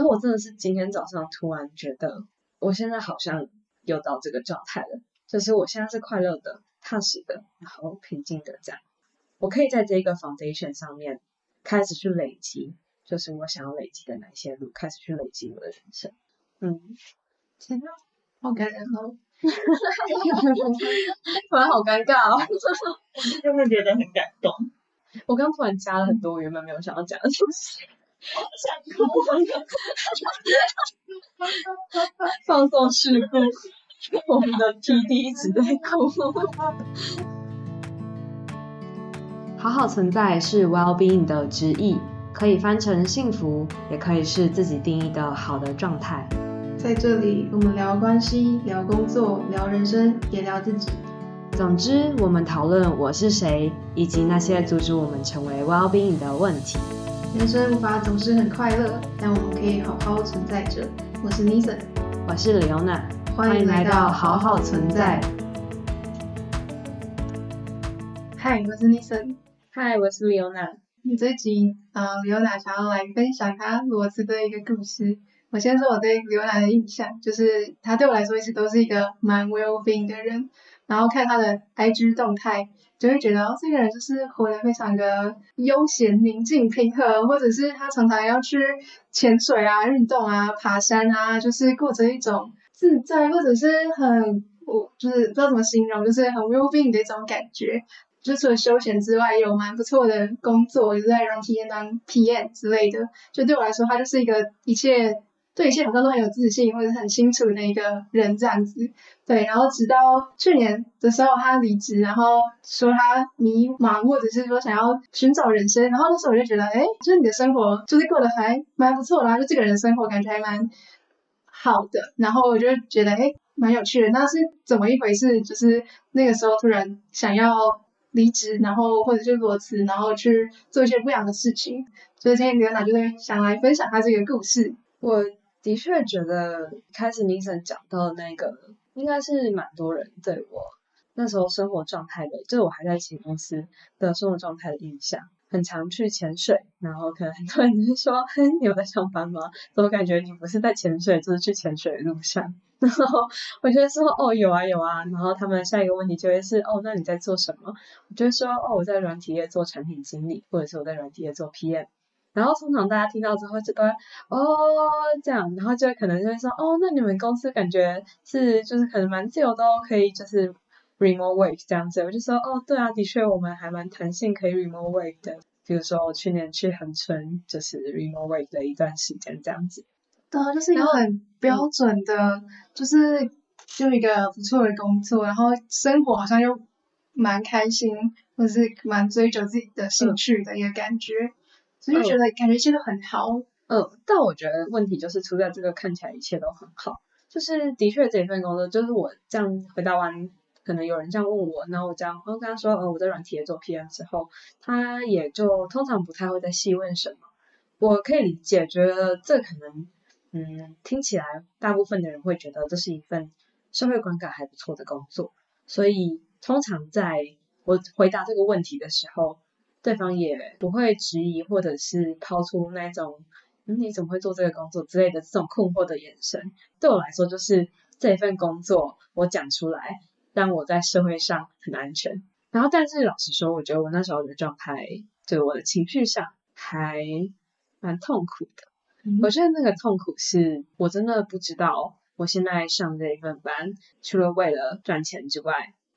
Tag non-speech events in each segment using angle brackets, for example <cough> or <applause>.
是我真的是今天早上突然覺得，我現在好像又到這個狀態了，就是我現在是快樂的、踏實的，然後平靜的這樣。我可以在這個 foundation 上面開始去累積，就是我想要累積的哪些路，開始去累積我的人生。嗯，真的好感人哦！突然好尷尬哦！我是真的覺得很感動。我剛突然加了很多我原本沒有想要講的東西。我想哭 <laughs> 放送事故，我們的 PD 一直在哭 <laughs> 好好存在是 well-being 的直譯，可以翻成幸福，也可以是自己定義的好的狀態。在這裡，我們聊關係，聊工作，聊人生，也聊自己。總之，我們討論我是誰，以及那些阻止我們成為 well-being 的問題。人生無法總是很快樂，但我們可以好好存在着。我是 Nissan。我是 Leona，歡迎來到好好存在。Hi，我是 Nissan。Hi，我是 Leona。最近，呃，Leona 想要來分享她裸辭的一個故事。我先說我對 Leona 的印象，就是她對我來說一直都是一個蠻 well-being 的人。然後看她的 IG 動態。就會覺得哦，這個人就是活得非常的悠閒、寧靜、平和，或者是他常常要去潛水啊、運動啊、爬山啊，就是過着一種自在，或者是很，我就是不知道怎麼形容，就是很 well-being 的一種感覺。就除了休閒之外，也有蠻不錯的工作，就是在讓體驗當體驗之類的。就對我來說，他就是一個一切。對一切好像都很有自信，或者很清楚的那一個人這樣子，對，然後直到去年的時候他離職，然後說他迷茫或者是說想要尋找人生，然後那時候我就覺得，哎，就是你的生活就是過得還蠻不錯，然後就這個人生活感覺還蠻好的，然後我就覺得，哎，蠻有趣的，那是怎麼一回事？就是那個時候突然想要離職，然後或者是裸辭，然後去做一些不一樣的事情，所以今天 Leona 就在想來分享他這個故事，我。的確覺得開始寧神講到的那個，應該是蠻多人對我那時候生活狀態的，就是我還在企公司的生活狀態的印象。很常去潛水，然後可能很多人就會說，嘿，你有在上班嗎？怎麼感覺你不是在潛水，就是去潛水的路上。然後我覺得說，哦，有啊有啊。然後他們下一個問題就會是，哦，那你在做什麼？我就說，哦，我在軟體業做產品經理，或者是我在軟體業做 PM。然後通常大家聽到之後就都會哦，這樣，然後就可能就會說哦，那你們公司感覺是就是可能蠻自由的、哦、可以就是 remote work 這樣子，我就說哦對啊，的確我們還蠻彈性可以 remote work 的，比如說我去年去恆春就是 remote work 的一段時間這樣子。對啊，就是有很標準的，嗯、就是就一個不錯的工作，然後生活好像又蠻開心，或者是蠻追求自己的興趣的一個感覺。嗯所以覺得感覺一切都很好，哦，嗯，但我覺得問題就是出在這個看起來一切都很好，就是的確這份工作，就是我這樣回答完，可能有人這樣問我，然後我這樣我跟他說，呃、哦，我在軟體業做 PM，之後，他也就通常不太會再細問什麼，我可以理解，覺得這可能，嗯，聽起來大部分的人會覺得這是一份社會觀感還不錯的工作，所以通常在我回答這個問題的時候，對方也不會質疑，或者是拋出那種、嗯“你怎麼會做這個工作”之類的這種困惑的眼神。對我來說，就是這一份工作，我講出來，讓我在社會上很安全。然後，但是老實說，我覺得我那時候的狀態，就是我的情緒上還蠻痛苦的、嗯。我覺得那個痛苦是，我真的不知道，我現在上這一份班，除了為了賺錢之外，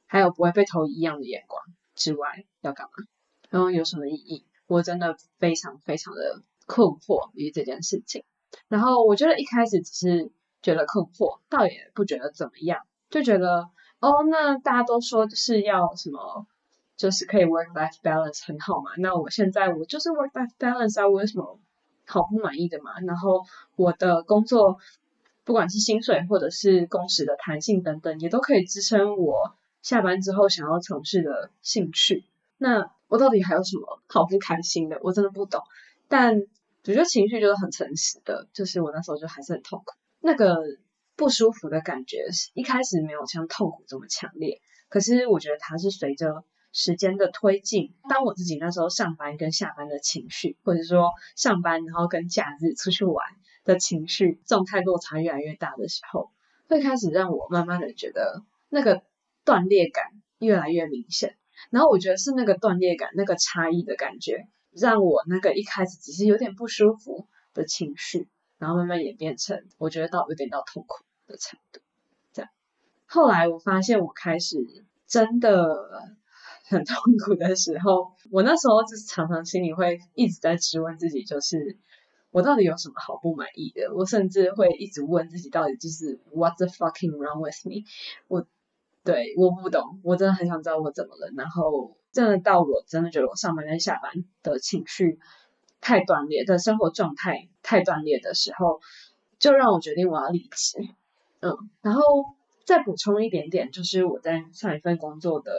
還有不會被投異樣的眼光之外，要幹嘛？然後有什麼意義？我真的非常非常的困惑於這件事情。然後我覺得一開始只是覺得困惑，倒也不覺得怎麼樣，就覺得哦，那大家都說是要什麼，就是可以 work-life balance 很好嘛。那我現在我就是 work-life balance 啊，我有什麼好不滿意的嘛？然後我的工作，不管是薪水或者是工時的彈性等等，也都可以支撐我下班之後想要從事的興趣。那我到底還有什麼好不開心的？我真的不懂，但我覺得情緒就是很誠實的，就是我那時候就還是很痛苦。那個不舒服的感覺，一開始沒有像痛苦這麼強烈，可是我覺得它是隨着時間的推進，當我自己那時候上班跟下班的情緒，或者說上班然後跟假日出去玩的情緒狀態落差越來越大的時候，會開始讓我慢慢的覺得那個斷裂感越來越明顯。然後我覺得是那個斷裂感，那個差異的感覺，讓我那個一開始只是有點不舒服的情緒，然後慢慢演變成我覺得到有點到痛苦的程度，這樣。後來我發現我開始真的很痛苦的時候，我那時候就是常常心裡會一直在質問自己，就是我到底有什麼好不滿意的？我甚至會一直問自己，到底就是 What the fucking wrong with me？我。對，我不懂，我真的很想知道我怎麼了。然後，真的到我真的覺得我上班跟下班的情緒太斷裂，的生活狀態太斷裂的時候，就讓我決定我要離職。嗯，然後再補充一點點，就是我在上一份工作的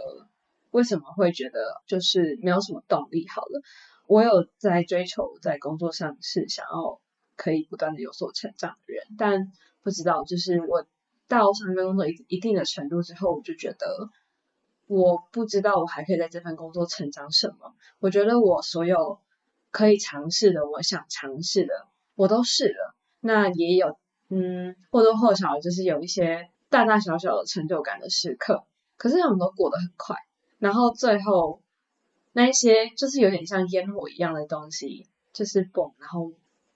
為什麼會覺得就是沒有什麼動力。好了，我有在追求在工作上是想要可以不斷的有所成長的人，但不知道就是我。到上一份工作一一定的程度之後，我就覺得我不知道我還可以在這份工作成長什麼。我覺得我所有可以嘗試的，我想嘗試的，我都試了。那也有嗯，或多或少就是有一些大大小小的成就感的時刻，可是他們都過得很快。然後最後那一些就是有點像煙火一樣的東西，就是蹦，然後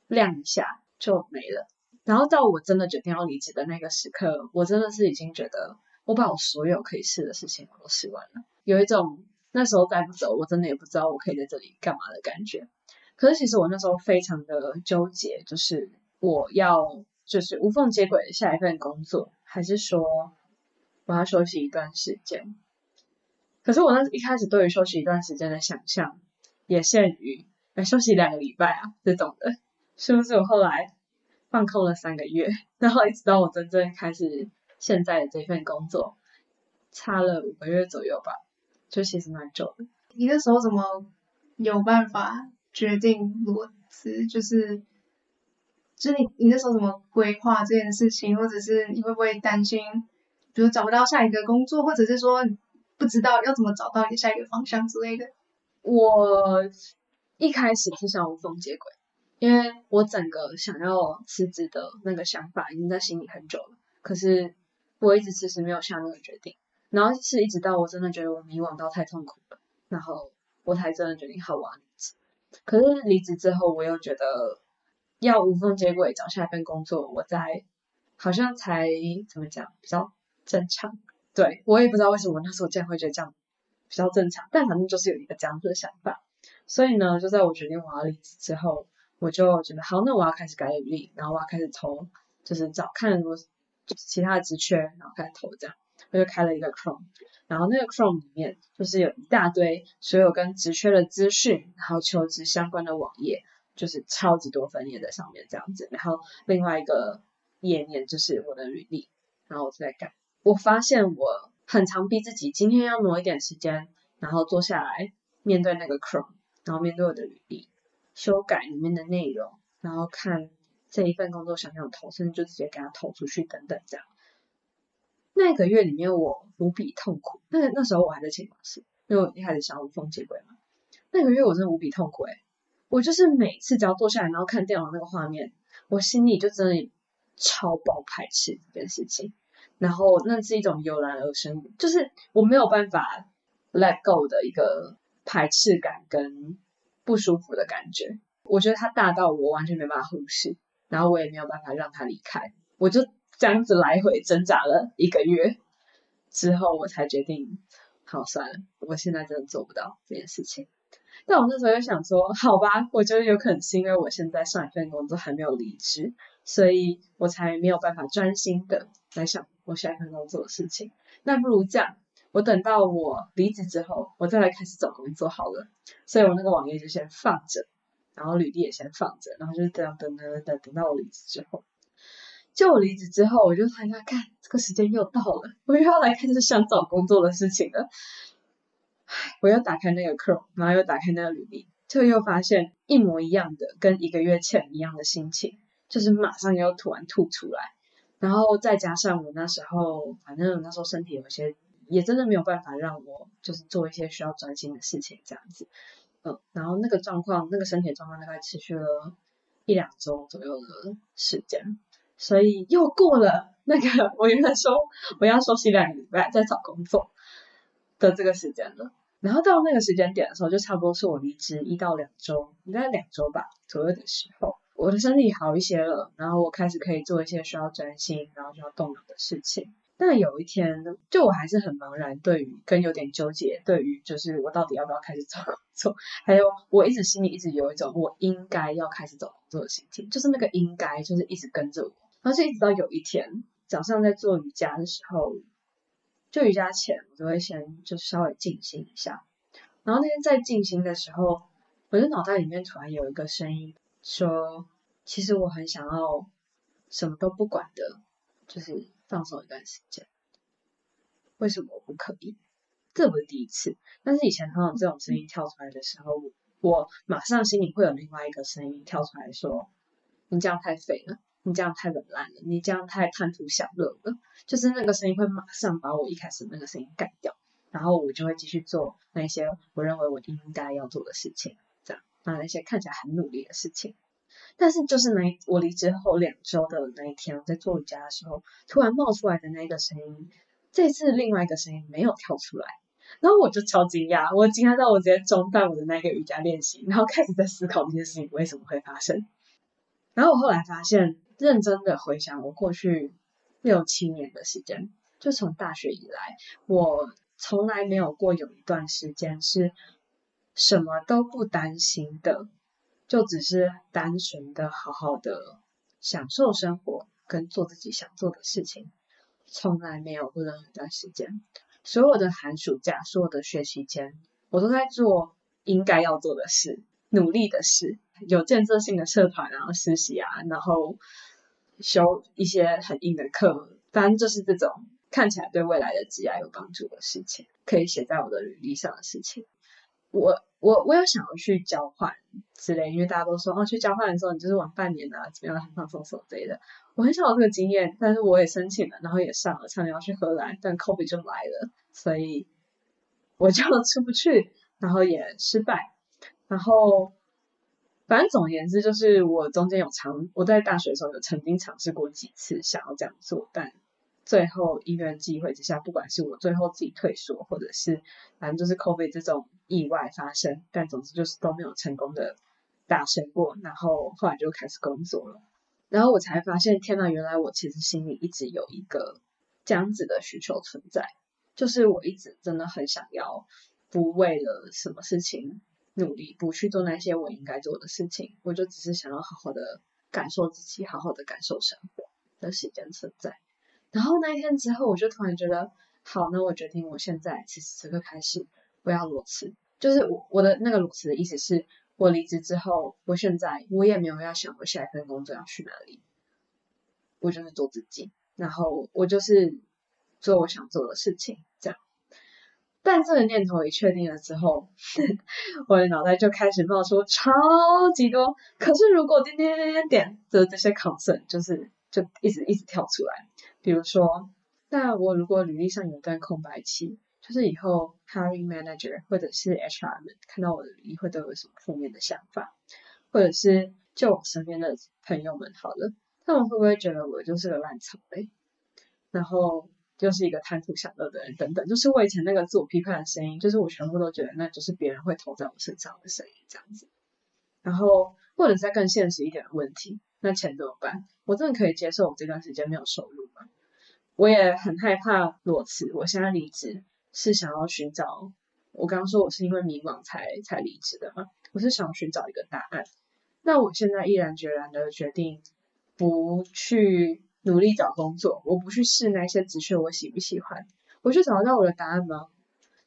亮一下就沒了。然後到我真的決定要離職的那個時刻，我真的是已經覺得我把我所有可以試的事情我都試完了，有一種那時候再不走，我真的也不知道我可以在這裡幹嘛的感覺。可是其實我那時候非常的糾結，就是我要就是無縫接軌的下一份工作，還是說我要休息一段時間？可是我那一開始對於休息一段時間的想象，也限於哎休息兩個禮拜啊這種的，是不是我後來？放空了三個月，然後一直到我真正開始現在的這份工作，差了五個月左右吧，就其實蠻久的。你那時候怎麼有辦法決定裸辭？就是，就是你你那時候怎麼規劃這件事情？或者是你會不會擔心，比如找不到下一個工作，或者是說不知道要怎麼找到你下一個方向之類的？我一開始是想無縫接軌。因為我整個想要辭職的那個想法已經在心裡很久了，可是我一直遲遲沒有下那個決定。然後是一直到我真的覺得我迷惘到太痛苦了，然後我才真的決定好要離職。可是離職之後，我又覺得要無縫接軌找下一份工作我，我才好像才怎麼講比較正常？對，我也不知道為什麼我那時候我竟然會覺得這樣比較正常，但反正就是有一個這樣子的想法。所以呢，就在我決定我要離職之後。我就覺得好，那我要開始改履歷，然後我要開始投，就是找看如就是其他的職缺，然後開始投這樣。我就開了一個 Chrome，然後那個 Chrome 裡面就是有一大堆所有跟職缺的資訊，然後求職相關的網頁，就是超級多分頁在上面這樣子。然後另外一個頁面就是我的履歷，然後我就在改。我發現我很常逼自己今天要挪一點時間，然後坐下來面對那個 Chrome，然後面對我的履歷。修改裡面的內容，然後看這一份工作想不想投，甚至就直接給他投出去，等等這樣。那個月裡面我無比痛苦，那個、那時候我還在前公司，因為我一開始想無縫接軌嘛。那個月我真的無比痛苦誒、欸，我就是每次只要坐下來，然後看電腦那個畫面，我心裡就真的超爆排斥這件事情。然後那是一種油然而生，就是我沒有辦法 let go 的一個排斥感跟。不舒服的感覺，我覺得它大到我完全沒辦法忽視，然後我也沒有辦法讓它離開，我就這樣子來回掙扎了一個月之後，我才決定，好算了，我現在真的做不到這件事情。但我那時候又想說，好吧，我覺得有可能是因為我現在上一份工作還沒有離職，所以我才沒有辦法專心的來想我下一份工作的事情。那不如這樣。我等到我離職之後，我再來開始找工作好了。所以我那個網頁就先放着，然後履歷也先放着，然後就這樣等、等、等，等到我離職之後。就我離職之後，我就突然看，看，這個時間又到了，我又要來開始、就是、想找工作的事情了。我又打開那個 Chrome，然後又打開那個履歷，就又發現一模一樣的，跟一個月前一樣的心情，就是馬上又吐完吐出來，然後再加上我那時候，反正我那時候身體有些。也真的沒有辦法讓我就是做一些需要專心的事情，這樣子，嗯，然後那個狀況，那個身體狀況大概持續了一兩周左右的時間，所以又過了那個我原本說我要休息兩個禮拜再找工作的這個時間了，然後到那個時間點的時候，就差不多是我離職一到兩周，應該兩周吧左右的時候，我的身體好一些了，然後我開始可以做一些需要專心，然後需要動腦的事情。但有一天，就我還是很茫然，對於跟有點糾結，對於就是我到底要不要開始找工作，還有我一直心裡一直有一種我應該要開始走工作的心情，就是那個應該就是一直跟着我。然後就一直到有一天早上在做瑜伽的時候，就瑜伽前我就會先就稍微靜心一下，然後那天在靜心的時候，我就腦袋裡面突然有一個聲音說，其實我很想要什麼都不管的，就是。放鬆一段時間，為什麼我不可以？這不是第一次，但是以前通常這種聲音跳出來的時候我，我馬上心裡會有另外一個聲音跳出來說：“你這樣太廢了，你這樣太冷淡了，你這樣太貪圖享樂了。”就是那個聲音會馬上把我一開始那個聲音幹掉，然後我就會繼續做那些我認為我應該要做的事情，這樣，那那些看起來很努力的事情。但是就是那我離職後兩周的那一天，我在做瑜伽的時候，突然冒出來的那個聲音，這次另外一個聲音沒有跳出來，然後我就超驚訝，我驚訝到我直接中斷我的那個瑜伽練習，然後開始在思考這件事情為什麼會發生。然後我後來發現，認真的回想我過去六七年的時間，就從大學以來，我從來沒有過有一段時間是什麼都不擔心的。就只是單純的好好的享受生活跟做自己想做的事情，從來沒有過了很段時間。所有的寒暑假，所有的學期間，我都在做應該要做的事、努力的事、有建設性的社團然後實習啊，然後修一些很硬的課，反正就是這種看起來對未來的職業有幫助的事情，可以寫在我的履歷上的事情。我我我有想要去交換之類，因為大家都說哦、啊，去交換的時候你就是玩半年吶、啊，怎麼樣很放鬆什麼之類的。我很想要有這個經驗，但是我也申請了，然後也上了，差點要去荷蘭，但 COVID 就來了，所以我就出不去，然後也失敗。然後反正總而言之，就是我中間有嘗，我在大學的時候有曾經嘗試過幾次想要這樣做，但。最後一個機會之下，不管是我最後自己退縮，或者是反正就是 COVID 這種意外發生，但總之就是都沒有成功的達成過。然後後來就開始工作了，然後我才發現，天哪！原來我其實心裡一直有一個這樣子的需求存在，就是我一直真的很想要不為了什麼事情努力，不去做那些我應該做的事情，我就只是想要好好的感受自己，好好的感受生活的時間存在。然後那一天之後，我就突然覺得，好，那我決定，我現在此時此刻開始，我要裸辭。就是我我的那個裸辭的意思是，我離職之後，我現在我也沒有要想我下一份工作要去哪裡，我就是做自己，然後我就是做我想做的事情這樣。但這個念頭一確定了之後， <laughs> 我的腦袋就開始冒出超級多。可是如果點點點點點的這些 concern，就是就一直一直跳出來。.比如說，那我如果履歷上有一段空白期，就是以後 hiring manager 或者是 HR 們看到我的履歷會都有什麼負面的想法？或者是就我身邊的朋友們，好了，他們會不會覺得我就是個爛草莓、欸？然後就是一個貪圖享樂的人？等等，就是我以前那個自我批判的聲音，就是我全部都覺得，那就是別人會投在我身上的聲音這樣子。然後，或者再更現實一點的問題，那錢怎麼辦？我真的可以接受我這段時間沒有收入嗎？我也很害怕裸辭。我現在離職是想要尋找，我剛剛說我是因為迷茫才才離職的嘛，我是想尋找一個答案。那我現在毅然決然的決定不去努力找工作，我不去試那些職缺我喜不喜歡，我去找得到我的答案嗎？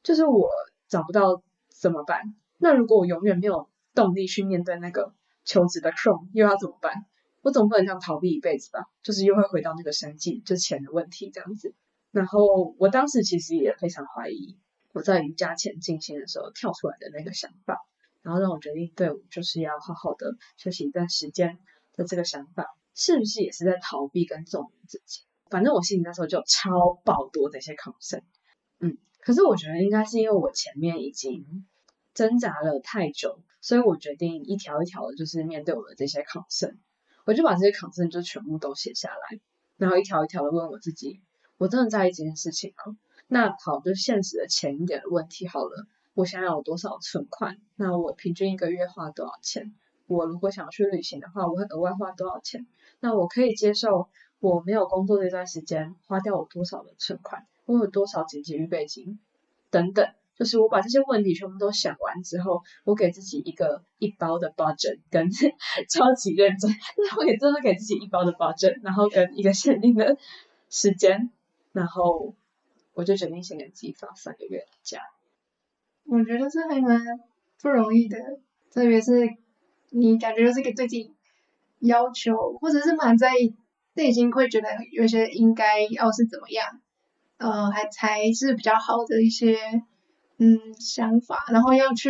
就是我找不到怎麼辦？那如果我永遠沒有動力去面對那個求職的痛，又要怎麼辦？我總不能這樣逃避一輩子吧？就是又會回到那個生計，就錢的問題這樣子。然後我當時其實也非常懷疑我在瑜伽前進行的時候跳出來的那個想法，然後讓我決定對，我就是要好好的休息一段時間的這個想法，是不是也是在逃避跟縱容自己？反正我心裡那時候就超爆多這些考生。嗯，可是我覺得應該是因為我前面已經掙扎了太久，所以我決定一條一條的就是面對我的這些考生。我就把這些抗爭就全部都寫下來，然後一條一條的問我自己，我真的在意這件事情嗎？喔？那好，就現實的淺一點的問題好了。我想要有多少存款？那我平均一個月花多少錢？我如果想要去旅行的話，我會額外花多少錢？那我可以接受我沒有工作這段時間花掉我多少的存款？我有多少緊急預備金？等等。就是我把這些問題全部都想完之後，我給自己一個一包的 budget，跟超級認真，然後我也真的給自己一包的 budget，然後跟一個限定的時間，然後我就決定先給自己放三個月假。我覺得這還蠻不容易的，特別是你感覺就是給自己要求或者是蠻在意內心會覺得有些應該要是怎麼樣，呃，還才是比較好的一些。嗯，想法，然後要去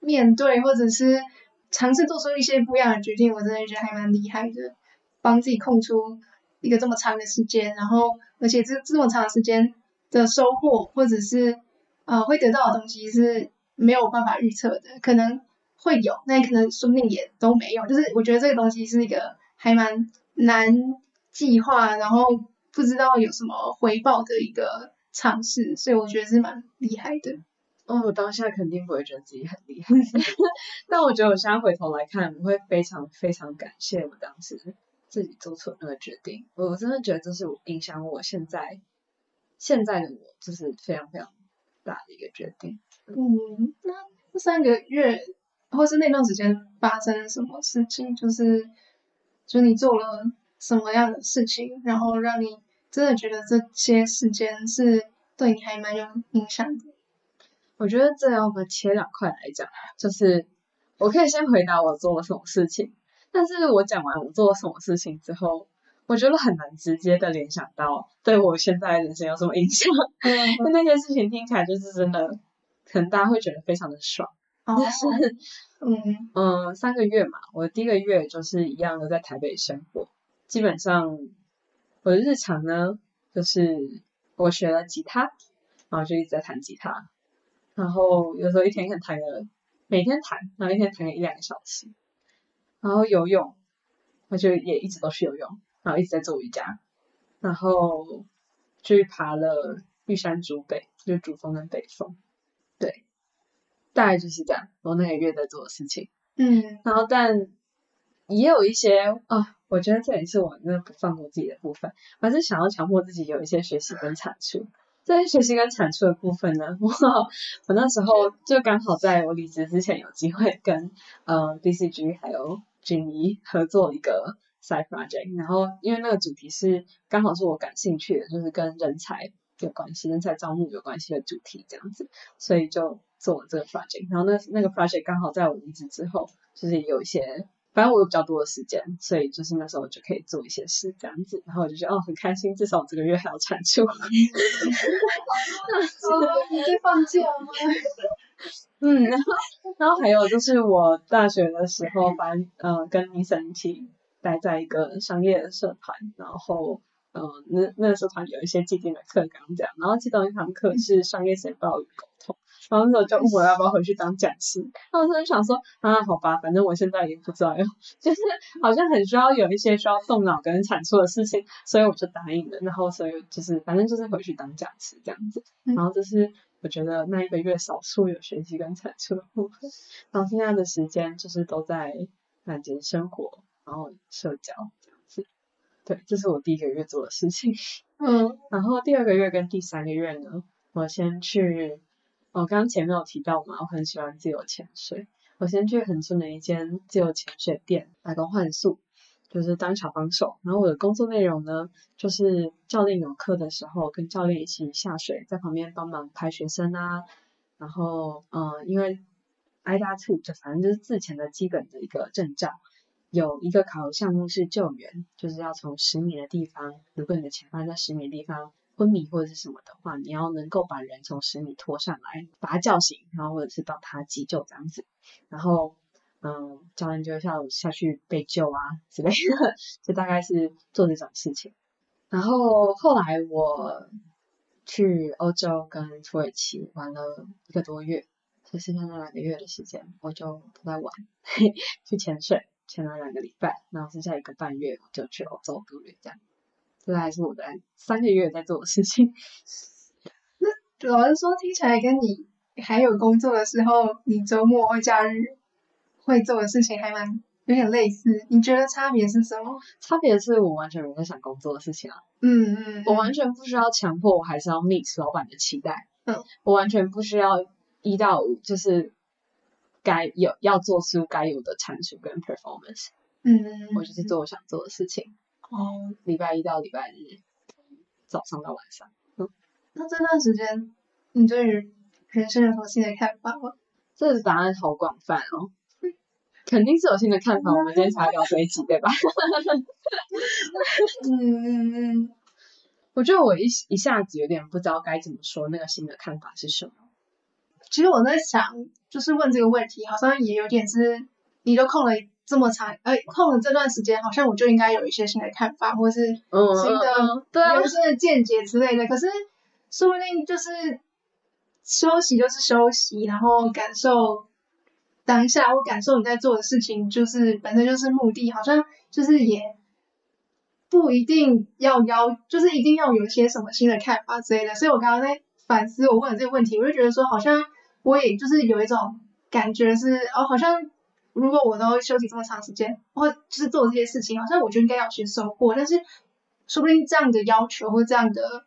面對，或者是嘗試做出一些不一樣的決定，我真的覺得還蠻厲害的。幫自己空出一個這麼長的時間，然後，而且這這麼長時間的收穫，或者是啊、呃，會得到的東西是沒有辦法預測的，可能會有，那也可能說不定也都沒有。就是我覺得這個東西是一個還蠻難計劃，然後不知道有什麼回報的一個。嘗試，所以我覺得是蠻厲害的、嗯。哦，我當下肯定不會覺得自己很厲害， <laughs> 但我覺得我現在回頭來看，我會非常非常感謝我當時自己做出那個決定。我真的覺得這是影響我現在現在的我，就是非常非常大的一個決定。嗯，那三個月或是那段時間發生了什麼事情，就是就是、你做了什麼樣的事情，然後讓你。真的覺得這些時間是對你還蠻有影響的。我覺得這要分切兩塊來講，就是我可以先回答我做了什麼事情，但是我講完我做了什麼事情之後，我覺得很難直接的聯想到對我現在人生有什麼影響，嗯嗯、 <laughs> 那些事情聽起來就是真的，可能大家會覺得非常的爽。哦、但是，嗯嗯，三個月嘛，我第一個月就是一樣的在台北生活，基本上。我的日常呢，就是我學了吉他，然後就一直在彈吉他，然後有時候一天可能彈個每天彈，然後一天彈個一兩個小時，然後游泳，那就也一直都是游泳，然後一直在做瑜伽，然後去爬了玉山主北，就是主峰跟北峰，對，大概就是這樣，我那個月在做的事情，嗯，然後但也有一些啊。我覺得這也是我那不放過自己的部分，反正想要強迫自己有一些學習跟產出。這些學習跟產出的部分呢，我我那時候就剛好在我離職之前有機會跟呃 BCG 還有 Jenny 合作一個 side project，然後因為那個主題是剛好是我感興趣的，就是跟人才有關係、人才招募有關係的主題這樣子，所以就做了這個 project。然後那那個 project 剛好在我離職之後，就是有一些。反正我有比較多的時間，所以就是那時候我就可以做一些事這樣子，然後我就覺得哦，很開心，至少我這個月還有產出。 <laughs> <laughs> 你在放假嗎？ <laughs> 嗯，然後然後還有就是我大學的時候，反正呃跟生一起待在一個商業的社團，然後嗯、呃、那那個社團有一些既定的課剛講，然後其中一堂課是商業寫報與溝通。然後我就問我要不要回去當講師，然後我就想說啊，好吧，反正我現在也不知道要，就是好像很需要有一些需要動腦跟產出的事情，所以我就答應了。然後所以就是反正就是回去當講師這樣子。然後就是我覺得那一個月少數有學習跟產出的部分，然後剩下的時間就是都在感覺生活，然後社交這樣子。對，這是我第一個月做的事情。嗯，然後第二個月跟第三個月呢，我先去。我、哦、剛、剛前面有提到嘛，我很喜歡自由潛水。我先去恆春的一間自由潛水店打工換宿，就是當小幫手。然後我的工作內容呢，就是教練有課的時候跟教練一起下水，在旁邊幫忙拍學生啊。然後，嗯、呃，因為 AIDA 2這就反正就是自潛的基本的一個證照。有一個考核項目是救援，就是要從十米的地方，如果你的潛伴在十米的地方，昏迷或者是什麼的話，你要能夠把人從十米拖上來，把他叫醒，然後或者是幫他急救這樣子，然後嗯，教練就要下，下去被救啊之類的，就大概是做這種事情。然後後來我去歐洲跟土耳其玩了一個多月，就剩下那兩個月的時間，歐洲不在玩，呵呵去潛水，潛了兩個禮拜，然後剩下一個半月我就去歐洲度假這樣。這還是我在三個月在做的事情。那老實說，聽起來跟你還有工作的時候，你周末或假日會做的事情還蠻有點類似。你覺得差別是什麼？差別是我完全不會想工作的事情了，啊。嗯，嗯嗯，我完全不需要強迫我還是要 meet 老闆的期待。嗯，我完全不需要一到五就是該有要做出該有的產出跟 performance。嗯嗯，嗯嗯，我就是做我想做的事情。哦，禮拜一到禮拜日，早上到晚上。嗯、那這段時間，你對於人生有什麼新的看法嗎？這個答案好廣泛哦、嗯，肯定是有新的看法。嗯、我們今天才聊飛機、嗯，對吧？ <laughs> 嗯，我覺得我一一下子有點不知道該怎麼說那個新的看法是什麼。其實我在想，就是問這個問題，好像也有點是你都空了。這麼長，哎、欸，空了這段時間，好像我就應該有一些新的看法，或是新的、對啊，人生的見解之類的。可是，說不定就是休息就是休息，然後感受當下，或感受你在做的事情，就是本身就是目的，好像就是也不一定要要，就是一定要有一些什麼新的看法之類的。所以我剛剛在反思我問的這個問題，我就覺得說，好像我也就是有一種感覺是，哦，好像。如果我都休息這麼長時間，或就是做這些事情，好像我覺得應該要先收穫。但是，說不定這樣的要求或這樣的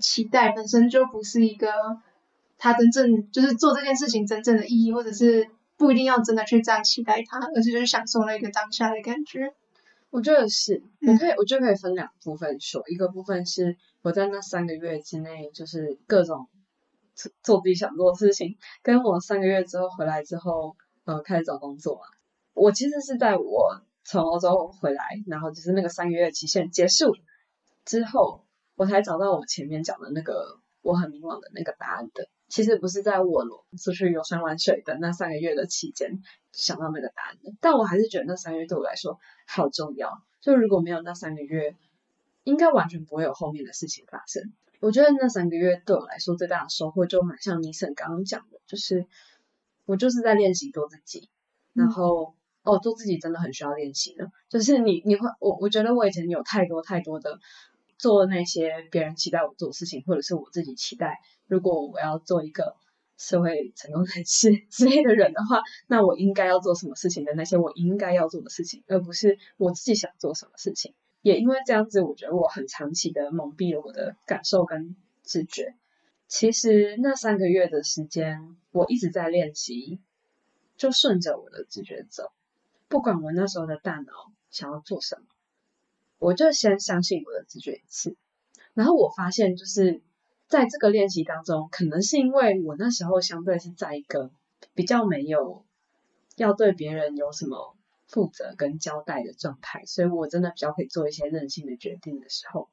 期待本身就不是一個他真正就是做這件事情真正的意義，或者是不一定要真的去這樣期待他，而是就是享受那個當下的感覺。我覺得是我可以，我就可以分兩部分說，嗯，一個部分是我在那三個月之內就是各種做自己想做的事情，跟我三個月之後回來之後。呃，開始找工作啊。我其實是在我從歐洲回來，然後就是那個三個月期限結束之後，我才找到我前面講的那個我很迷惘的那個答案的。其實不是在我出去遊山玩水的那三個月的期間想到那個答案的，但我還是覺得那三個月對我來說好重要。就如果沒有那三個月，應該完全不會有後面的事情發生。我覺得那三個月對我來說最大的收穫就蠻像尼森剛剛講的，就是。我就是在練習做自己，然後、嗯、哦，做自己真的很需要練習的。就是你，你會我，我覺得我以前有太多太多的做那些別人期待我做的事情，或者是我自己期待，如果我要做一個社會成功人士之類的人的話，那我應該要做什麼事情的那些我應該要做的事情，而不是我自己想做什麼事情。也因為這樣子，我覺得我很長期的蒙蔽了我的感受跟直覺。其實那三個月的時間，我一直在練習，就順着我的直覺走，不管我那時候的大腦想要做什麼，我就先相信我的直覺一次。然後我發現，就是在這個練習當中，可能是因為我那時候相對是在一個比較沒有要對別人有什麼負責跟交代的狀態，所以我真的比較可以做一些任性的決定的時候，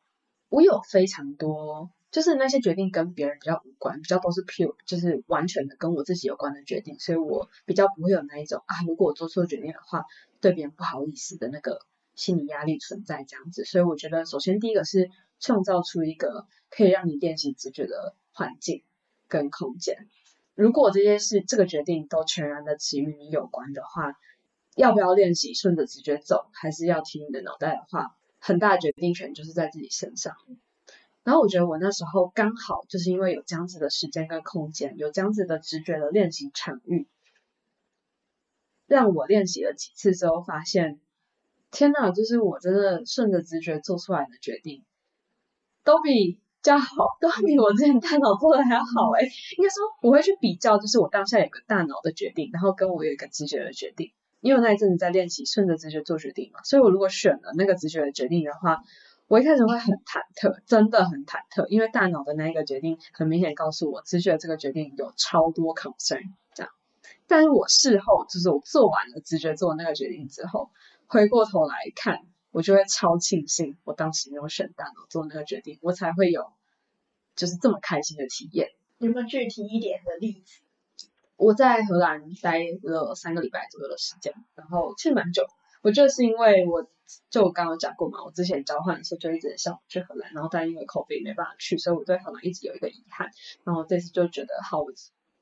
我有非常多。就是那些決定跟別人比較無關，比較都是 pure，就是完全的跟我自己有關的決定，所以我比較不會有那一種啊，如果我做錯決定的話，對別人不好意思的那個心理壓力存在這樣子。所以我覺得，首先第一個是創造出一個可以讓你練習直覺的環境跟空間。如果這件事，這個決定都全然的只與你有關的話，要不要練習順着直覺走，還是要聽你的腦袋的話，很大的決定權就是在自己身上。然後我覺得我那時候剛好就是因為有這樣子的時間跟空間，有這樣子的直覺的練習場域，讓我練習了幾次之後，發現，天吶，就是我真的順着直覺做出來的決定，都比較好，都比我之前大腦做的還好誒，應該說我會去比較，就是我當下有個大腦的決定，然後跟我有一個直覺的決定，因為我那一陣子在練習順着直覺做決定嘛，所以我如果選了那個直覺的決定的話。我一開始會很忐忑，真的很忐忑，因為大腦的那一個決定很明顯告訴我，直覺這個決定有超多 concern，這樣。但是我事後就是我做完了直覺做那個決定之後，回過頭來看，我就會超慶幸我當時沒有選大腦做那個決定，我才會有就是這麼開心的體驗。有沒有具體一點的例子？我在荷蘭待了三個禮拜左右的時間，然後去蠻久。我就是因為我。就我剛剛有講過嘛，我之前交換的時候就一直想去荷蘭，然後但因為 COVID 沒辦法去，所以我對荷蘭一直有一個遺憾。然後這次就覺得好，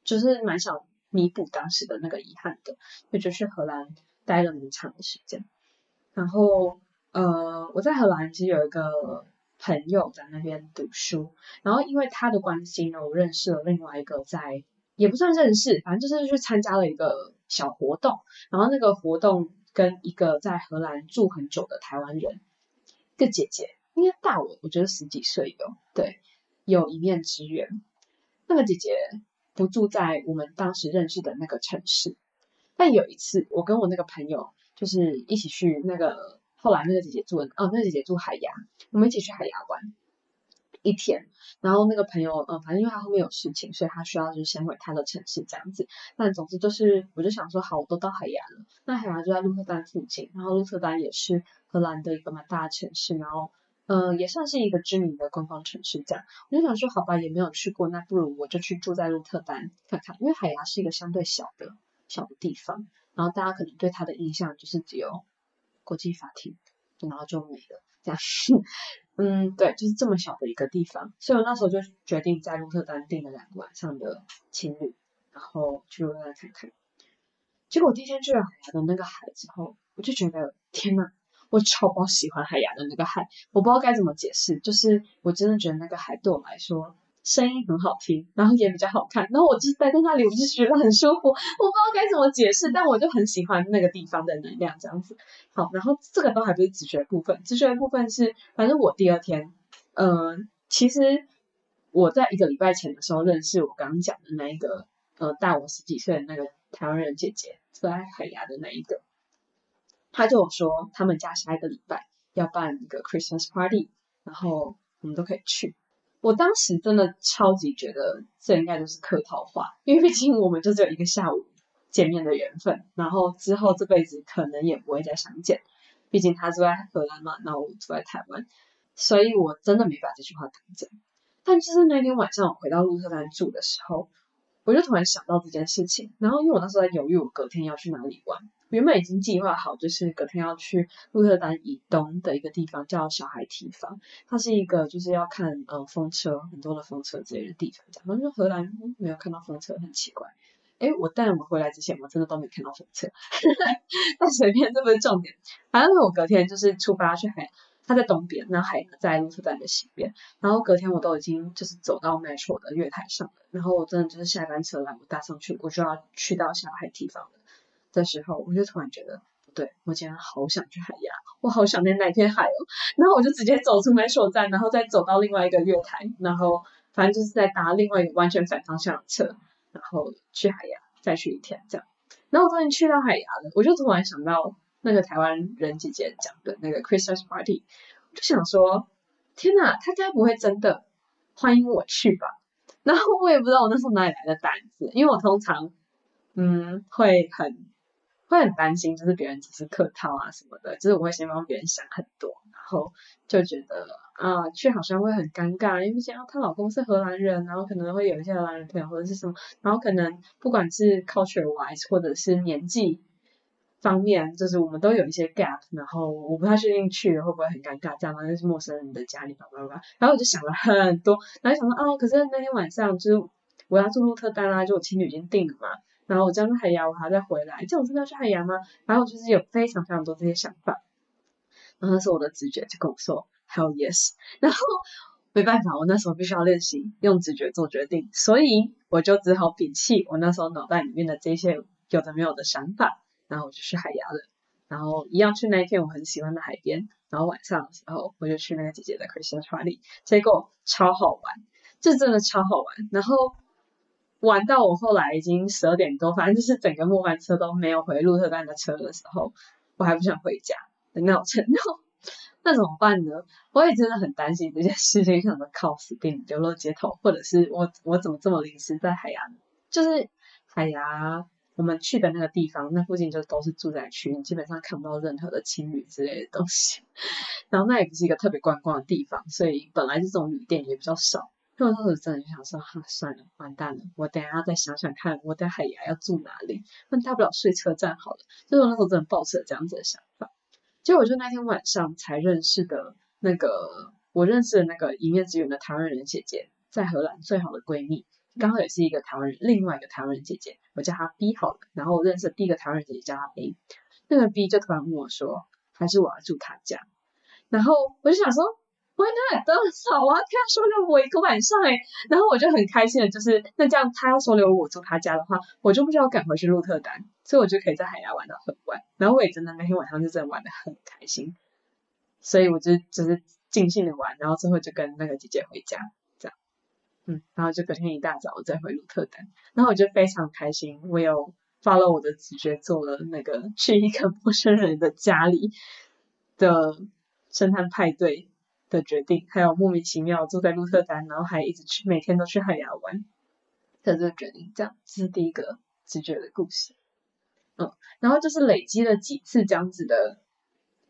就是蠻想彌補當時的那個遺憾的，也就，就去荷蘭待了很長的時間。然後呃，我在荷蘭其實有一個朋友在那邊讀書，然後因為他的關係呢，我認識了另外一個在也不算認識，反正就是去參加了一個小活動，然後那個活動。跟一個在荷蘭住很久的台灣人，一個姐姐，應該大我，我覺得十幾歲有、哦，對，有一面之緣。那個姐姐不住在我們當時認識的那個城市，但有一次我跟我那個朋友，就是一起去那個，後來那個姐姐住，哦，那個姐姐住海牙，我們一起去海牙玩。一天，然後那個朋友，嗯、呃，反正因為他後面有事情，所以他需要就是先回他的城市這樣子。但總之就是，我就想說，好，我都到海牙了。那海牙就在鹿特丹附近，然後鹿特丹也是荷蘭的一個蠻大的城市，然後，嗯、呃，也算是一個知名的觀光城市這樣。我就想說，好吧，也沒有去過，那不如我就去住在鹿特丹看看，因為海牙是一個相對小的小的地方，然後大家可能對它的印象就是只有國際法庭，然後就沒了這樣。呵呵嗯，對，就是這麼小的一個地方，所以我那時候就決定在鹿特丹訂了兩個晚上的青旅，然後去鹿特丹看看。結果我第一天去了海牙的那個海之後，我就覺得天吶，我超超喜歡海牙的那個海，我不知道該怎麼解釋，就是我真的覺得那個海對我來說。聲音很好聽，然後也比較好看，然後我就是待在那裡，我就覺得很舒服，我不知道該怎麼解釋，但我就很喜歡那個地方的能量，這樣子。好，然後這個都還不是直覺部分，直覺部分是，反正我第二天，嗯、呃，其實我在一個禮拜前的時候認識我剛剛講的那一個，呃，大我十幾歲的那個台灣人姐姐，住在海牙的那一個，她就說他們家下一個禮拜要辦一個 Christmas party，然後我們都可以去。我當時真的超級覺得這應該就是客套話，因為畢竟我們就只有一個下午見面的緣分，然後之後這輩子可能也不會再相見，畢竟他住在荷蘭嘛，然後我住在台灣，所以我真的沒把這句話當真。但就是那天晚上我回到鹿特丹住的時候，我就突然想到這件事情，然後因為我那時候在猶豫我隔天要去哪裡玩。原本已經計劃好，就是隔天要去鹿特丹以東的一個地方，叫小孩堤防。它是一個就是要看呃風車，很多的風車之類的地方。然後就說荷蘭、嗯、沒有看到風車很奇怪。哎，我帶我們回來之前，我真的都沒看到風車。 <laughs> 但隨便這不是重點。反正我隔天就是出發去海，它在東邊，那海在鹿特丹的西邊。然後隔天我都已經就是走到 metro 的月台上了。然後我真的就是下班車來，我搭上去，我就要去到小孩堤防了。的時候，我就突然覺得不對，我今天好想去海牙，我好想念那片海哦。然後我就直接走出買手站，然後再走到另外一個月台，然後反正就是在搭另外一個完全反方向的車，然後去海牙，再去一天這樣。然後我終於去到海牙了，我就突然想到那個台灣人姐姐講的那個 Christmas party，我就想說，天吶，他該不會真的歡迎我去吧？然後我也不知道我那時候哪裡來的膽子，因為我通常嗯會很。會很擔心，就是別人只是客套啊什麼的，就是我會先幫別人想很多，然後就覺得啊、呃、去好像會很尷尬，因為像她、啊、老公是荷蘭人，然後可能會有一些荷蘭人朋友或者是什麼，然後可能不管是 culture wise 或者是年紀方面，就是我們都有一些 gap，然後我不太確定去會不會很尷尬，這樣到就是陌生人的家裡吧吧吧，然後我就想了很多，然後想到啊，可是那天晚上就是我要住鹿特丹啊，就我情侶已經訂了嘛。然後我這樣去海牙，我還在回來，這種真的要去海牙嗎？然後我就是有非常非常多這些想法，然後那時候我的直覺就跟我說，Hell yes。然後沒辦法，我那時候必須要練習用直覺做決定，所以我就只好摒棄我那時候腦袋裡面的這些有的沒有的想法，然後我就去海牙了。然後一樣去那一天我很喜歡的海邊，然後晚上的時候我就去那個姐姐的 Christmas party，結果超好玩，這真的超好玩。然後。玩到我後來已經十二點多，反正就是整個末班車都沒有回鹿特丹的車的時候，我還不想回家，很鬧騰。那那怎麼辦呢？我也真的很擔心這件事情可能 cause 並流落街頭，或者是我我怎麼這麼臨時在海牙呢？就是海牙我們去的那個地方，那附近就都是住宅區，你基本上看不到任何的青旅之類的東西。然後那也不是一個特別觀光的地方，所以本來這種旅店也比較少。那我那時候真的就想說、啊，算了，完蛋了，我等一下再想想看，我等海牙要住哪裡？那大不了睡車站好了。就是、我那時候真的抱持了這樣子的想法。結果我就那天晚上才認識的那個，我認識的那個一面之緣的台灣人姐姐，在荷蘭最好的閨蜜，剛好也是一個台灣人，另外一個台灣人姐姐，我叫她 B 好了。然後我認識的第一個台灣人姐姐叫她 A，那個 B 就突然跟我說，還是我要住她家？然後我就想說。哇，那多少啊！他要收留我一個晚上誒、欸、然後我就很開心的，就是那這樣他要收留我住他家的話，我就不需要趕回去鹿特丹，所以我就可以在海牙玩到很晚。然後我也真的那天晚上就真的玩的很開心，所以我就只、就是盡興的玩，然後最後就跟那個姐姐回家，這樣，嗯，然後就隔天一大早我再回鹿特丹，然後我就非常開心，我有 follow 我的直覺做了那個去一個陌生人的家裡的聖誕派對。的決定，還有莫名其妙住在鹿特丹，然後還一直去，每天都去海牙玩，的這個決定，這樣。這是第一個直覺的故事。嗯，然後就是累積了幾次這樣子的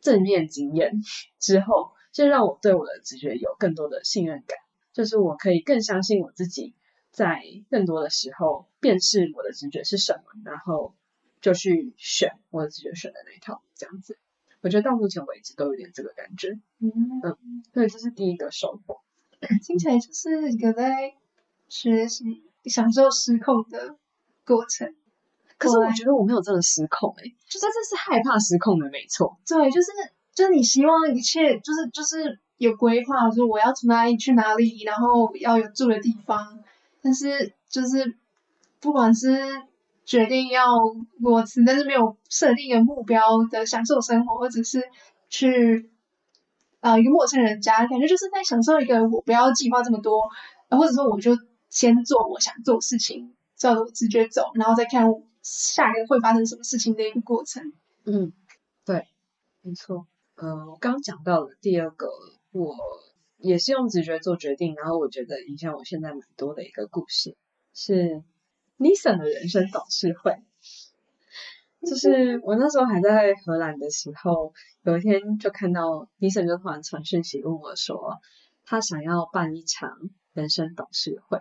正面經驗之後，就讓我對我的直覺有更多的信任感，就是我可以更相信我自己，在更多的時候辨識我的直覺是什麼，然後就去選我的直覺選的那一套，這樣子。我覺得到目前為止都有點這個感覺，嗯，嗯對，這、就是第一個收穫。聽起來就是一個在學習享受失控的過程，可是我覺得我沒有這種失控，欸，就在這是害怕失控的，沒錯。對，就是就是你希望一切就是就是有規劃，說、就是、我要從哪裡去哪裡，然後要有住的地方，但是就是不管是。決定要裸辭，但是沒有設定一個目標的享受生活，或者是去啊、呃、一個陌生人家，感覺就是在享受一個我不要計劃這麼多，或者說我就先做我想做事情，照着我直覺走，然後再看下一個會發生什麼事情的一個過程。嗯，對，沒錯。呃，我剛剛講到了第二個，我也是用直覺做決定，然後我覺得影響我現在蠻多的一個故事是。尼 n 的人生董事會， <laughs> 就是我那時候還在荷蘭的時候，有一天就看到尼 n 就突然傳訊息問我說，說他想要辦一場人生董事會。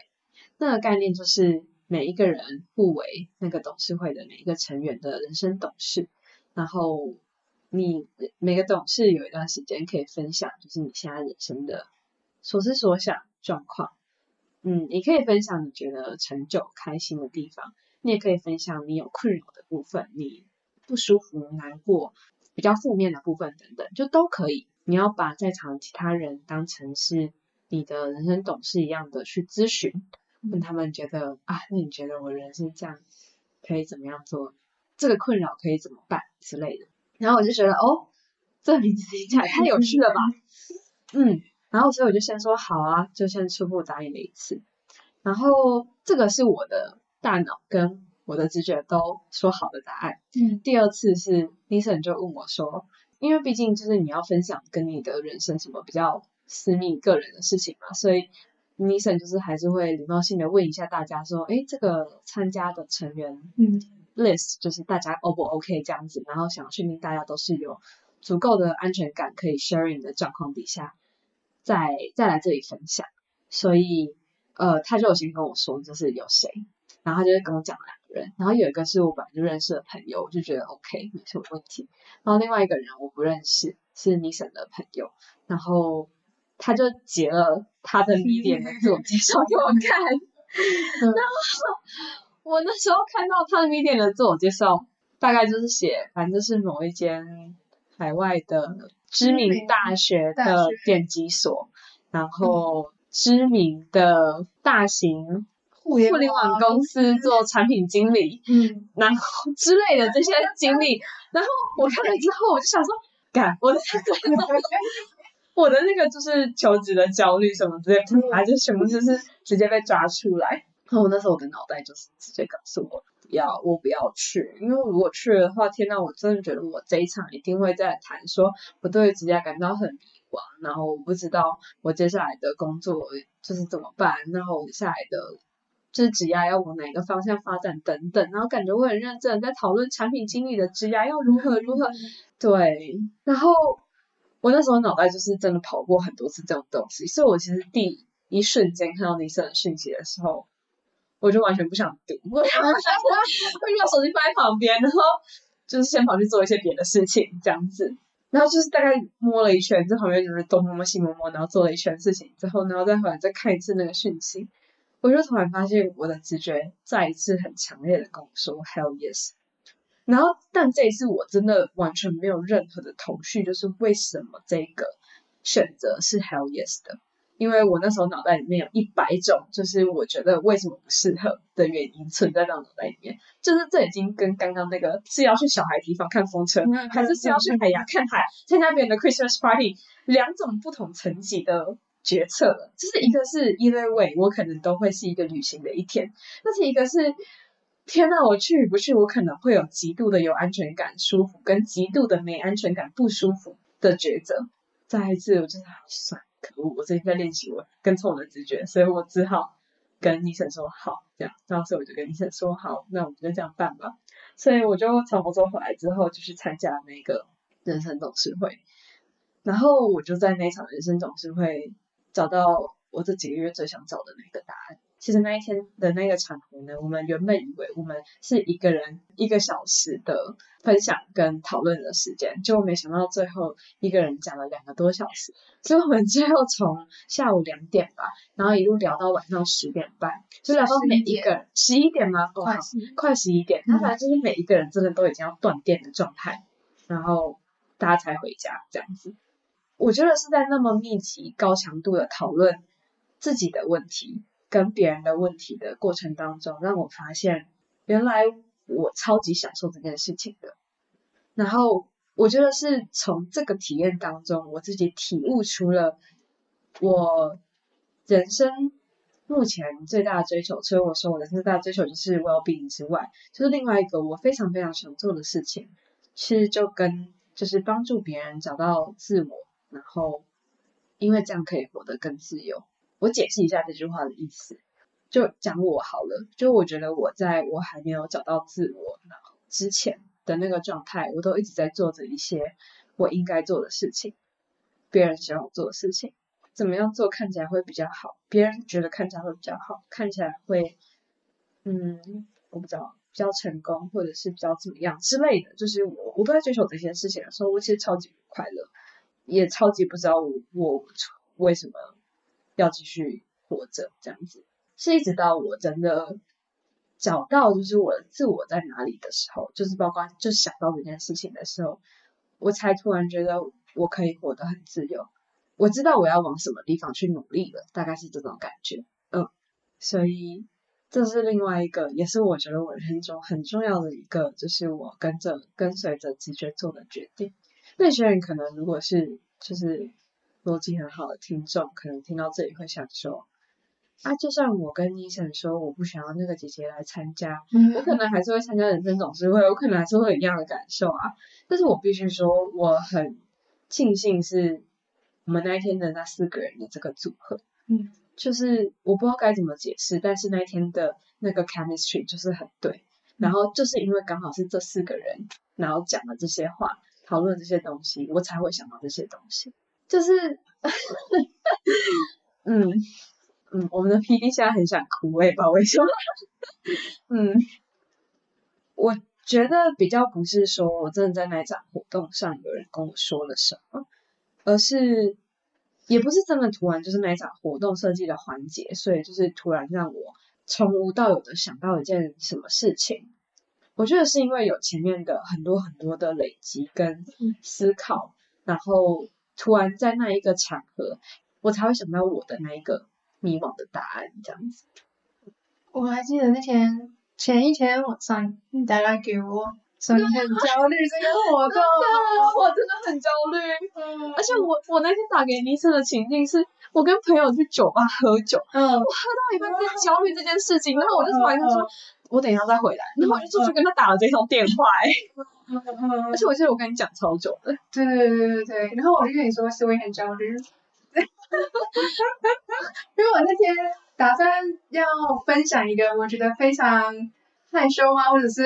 那個概念就是每一個人互為那個董事會的每一個成員的人生董事，然後你每個董事有一段時間可以分享，就是你現在人生的所思所想狀況。嗯，你可以分享你覺得成就、開心的地方，你也可以分享你有困擾的部分，你不舒服、難過、比較負面的部分等等，就都可以。你要把在場其他人當成是你的人生董事一樣的去諮詢，嗯、問他們覺得啊，那你覺得我人生這樣可以怎麼樣做？這個困擾可以怎麼辦之類的？然後我就覺得哦，這聽起來太有趣了吧？ <laughs> 嗯。然後，所以我就先說好啊，就先初步答應了一次。然後，這個是我的大腦跟我的直覺都說好的答案。嗯，第二次是 Nathan 就問我說，因為畢竟就是你要分享跟你的人生什麼比較私密個人的事情嘛，所以 Nathan 就是還是會禮貌性的問一下大家說，哎，這個參加的成員 list，嗯，嗯，list 就是大家 O、哦、不 OK 這樣子，然後想確定大家都是有足夠的安全感可以 sharing 的狀況底下。再再來這裡分享，所以呃，他就有先跟我說，就是有誰，然後他就跟我講了兩個人，然後有一個是我本來就認識的朋友，我就覺得 OK，沒什麼問題。然後另外一個人我不認識，是李省的朋友，然後他就截了他的米點的自我介紹 <laughs> 給我看、 <laughs> 嗯，然後我那時候看到他的米點的自我介紹，大概就是寫，反正是某一間海外的。知名大學的電機所，然後知名的大型、嗯、互聯網公司做產品經理，嗯，然後之類的這些經歷， <laughs> 然後我看了之後，我就想說，幹我的那個，我的那個就是求職的焦慮什麼之類，還是什麼，就，就是直接被抓出來。然後那時候我的腦袋就是直接告訴我。不要，我不要去，因為如果去了的話，天吶，我真的覺得我這一場一定會在談說我對職涯感到很迷茫，然後我不知道我接下來的工作就是怎麼辦，然後我接下來的就是職涯要往哪個方向發展等等，然後感覺我很認真在討論產品經理的職涯要如何如何，對，然後我那時候腦袋就是真的跑過很多次這種東西，所以我其實第一瞬間看到那則訊息的時候。我就完全不想讀，我就把手機放在旁邊，然後就是先跑去做一些別的事情，這樣子，然後就是大概摸了一圈，在旁邊就是東摸摸西摸摸，然後做了一圈事情之後，然後再回來再看一次那個訊息，我就突然發現我的直覺再一次很強烈的跟我說 hell yes，然後但這一次我真的完全沒有任何的頭緒，就是為什麼這個選擇是 hell yes 的。因為我那時候腦袋裡面有一百種，就是我覺得為什麼不適合的原因存在到腦袋裡面，就是這已經跟剛剛那個是要去小孩堤防看風車、嗯，還是是要去海牙看海，參、嗯、加別人的 Christmas party 兩種不同層級的決策了。這、就是一個是 either way 我可能都會是一個旅行的一天，那是一個是天哪，我去不去，我可能會有極度的有安全感舒服，跟極度的沒安全感不舒服的抉擇。再一次，我真的好酸。可惡！我最近在練習我跟錯我的直覺，所以我只好跟醫生說好這樣。當時我就跟醫生說好，那我們就這樣辦吧。所以我就從福州回來之後，就去、是、參加了那個人生董事會，然後我就在那場人生董事會找到我這幾個月最想找的那個答案。其實那一天的那個場合呢，我們原本以為我們是一個人一個小時的分享跟討論的時間，就沒想到最後一個人講了兩個多小時，所以我們最後從下午兩點吧，然後一路聊到晚上十點半，就聊到每一個人十一，十一點嗎？快、哦、十、嗯、快十一點，那反正就是每一個人真的都已經要斷電的狀態，然後大家才回家這樣子。我覺得是在那麼密集高強度的討論自己的問題跟別人的問題的過程當中，讓我發現，原來我超級享受這件事情的。然後，我覺得是從這個體驗當中，我自己體悟出了我人生目前最大的追求。所以我說，我的最大的追求就是 well being 之外，就是另外一個我非常非常想做的事情，是就跟就是幫助別人找到自我，然後因為這樣可以活得更自由。我解釋一下這句話的意思，就講我好了。就我覺得我在我還沒有找到自我然後之前的那個狀態，我都一直在做着一些我應該做的事情，別人想要我做的事情，怎麼樣做看起來會比較好，別人覺得看起來會比較好，看起來會嗯，我不知道比較成功或者是比較怎麼樣之類的。就是我我都在追求這些事情的時候，我其實超級不快樂，也超級不知道我我為什麼。要繼續活着，這樣子是一直到我真的找到，就是我的自我在哪裡的時候，就是包括就想到這件事情的時候，我才突然覺得我可以活得很自由。我知道我要往什麼地方去努力了，大概是這種感覺。嗯，所以這是另外一個，也是我覺得我人生中很重要的一個，就是我跟着跟隨着直覺做的決定。那些人可能如果是就是。邏輯很好的聽眾可能聽到這裡會想說：“啊，就算我跟醫生說，我不想要那個姐姐來參加，我可能還是會參加人生董事會，我可能還是會有一樣的感受啊。”但是，我必須說，我很慶幸是我們那一天的那四個人的這個組合。嗯，就是我不知道該怎麼解釋，但是那一天的那個 chemistry 就是很對，然後就是因為剛好是這四個人，然後講了這些話，討論這些東西，我才會想到這些東西。就是， <laughs> 嗯嗯，我們的 PD 現在很想哭，我也抱微笑。嗯，我覺得比較不是說我真的在那一場活動上有人跟我說了什麼，而是也不是真的突然就是那一場活動設計的環節，所以就是突然讓我從無到有的想到一件什麼事情。我覺得是因為有前面的很多很多的累積跟思考，然後。突然在那一個場合，我才會想到我的那一個迷惘的答案，這樣子。我還記得那天前一天晚上，你打來給我，說你很焦慮這個活動，我真的很焦慮。嗯、而且我我那天打給你時的情境是，我跟朋友去酒吧喝酒，嗯，我喝到一半在焦慮這件事情，嗯、然後我就突然就說。嗯嗯嗯我等一下再回來，然後我就出去跟他打了這通電話、欸， <laughs> 而且我記得我跟你講超久的，對對對對對。然後我就跟你說，思維很焦慮，因為我那天打算要分享一個我覺得非常害羞啊，或者是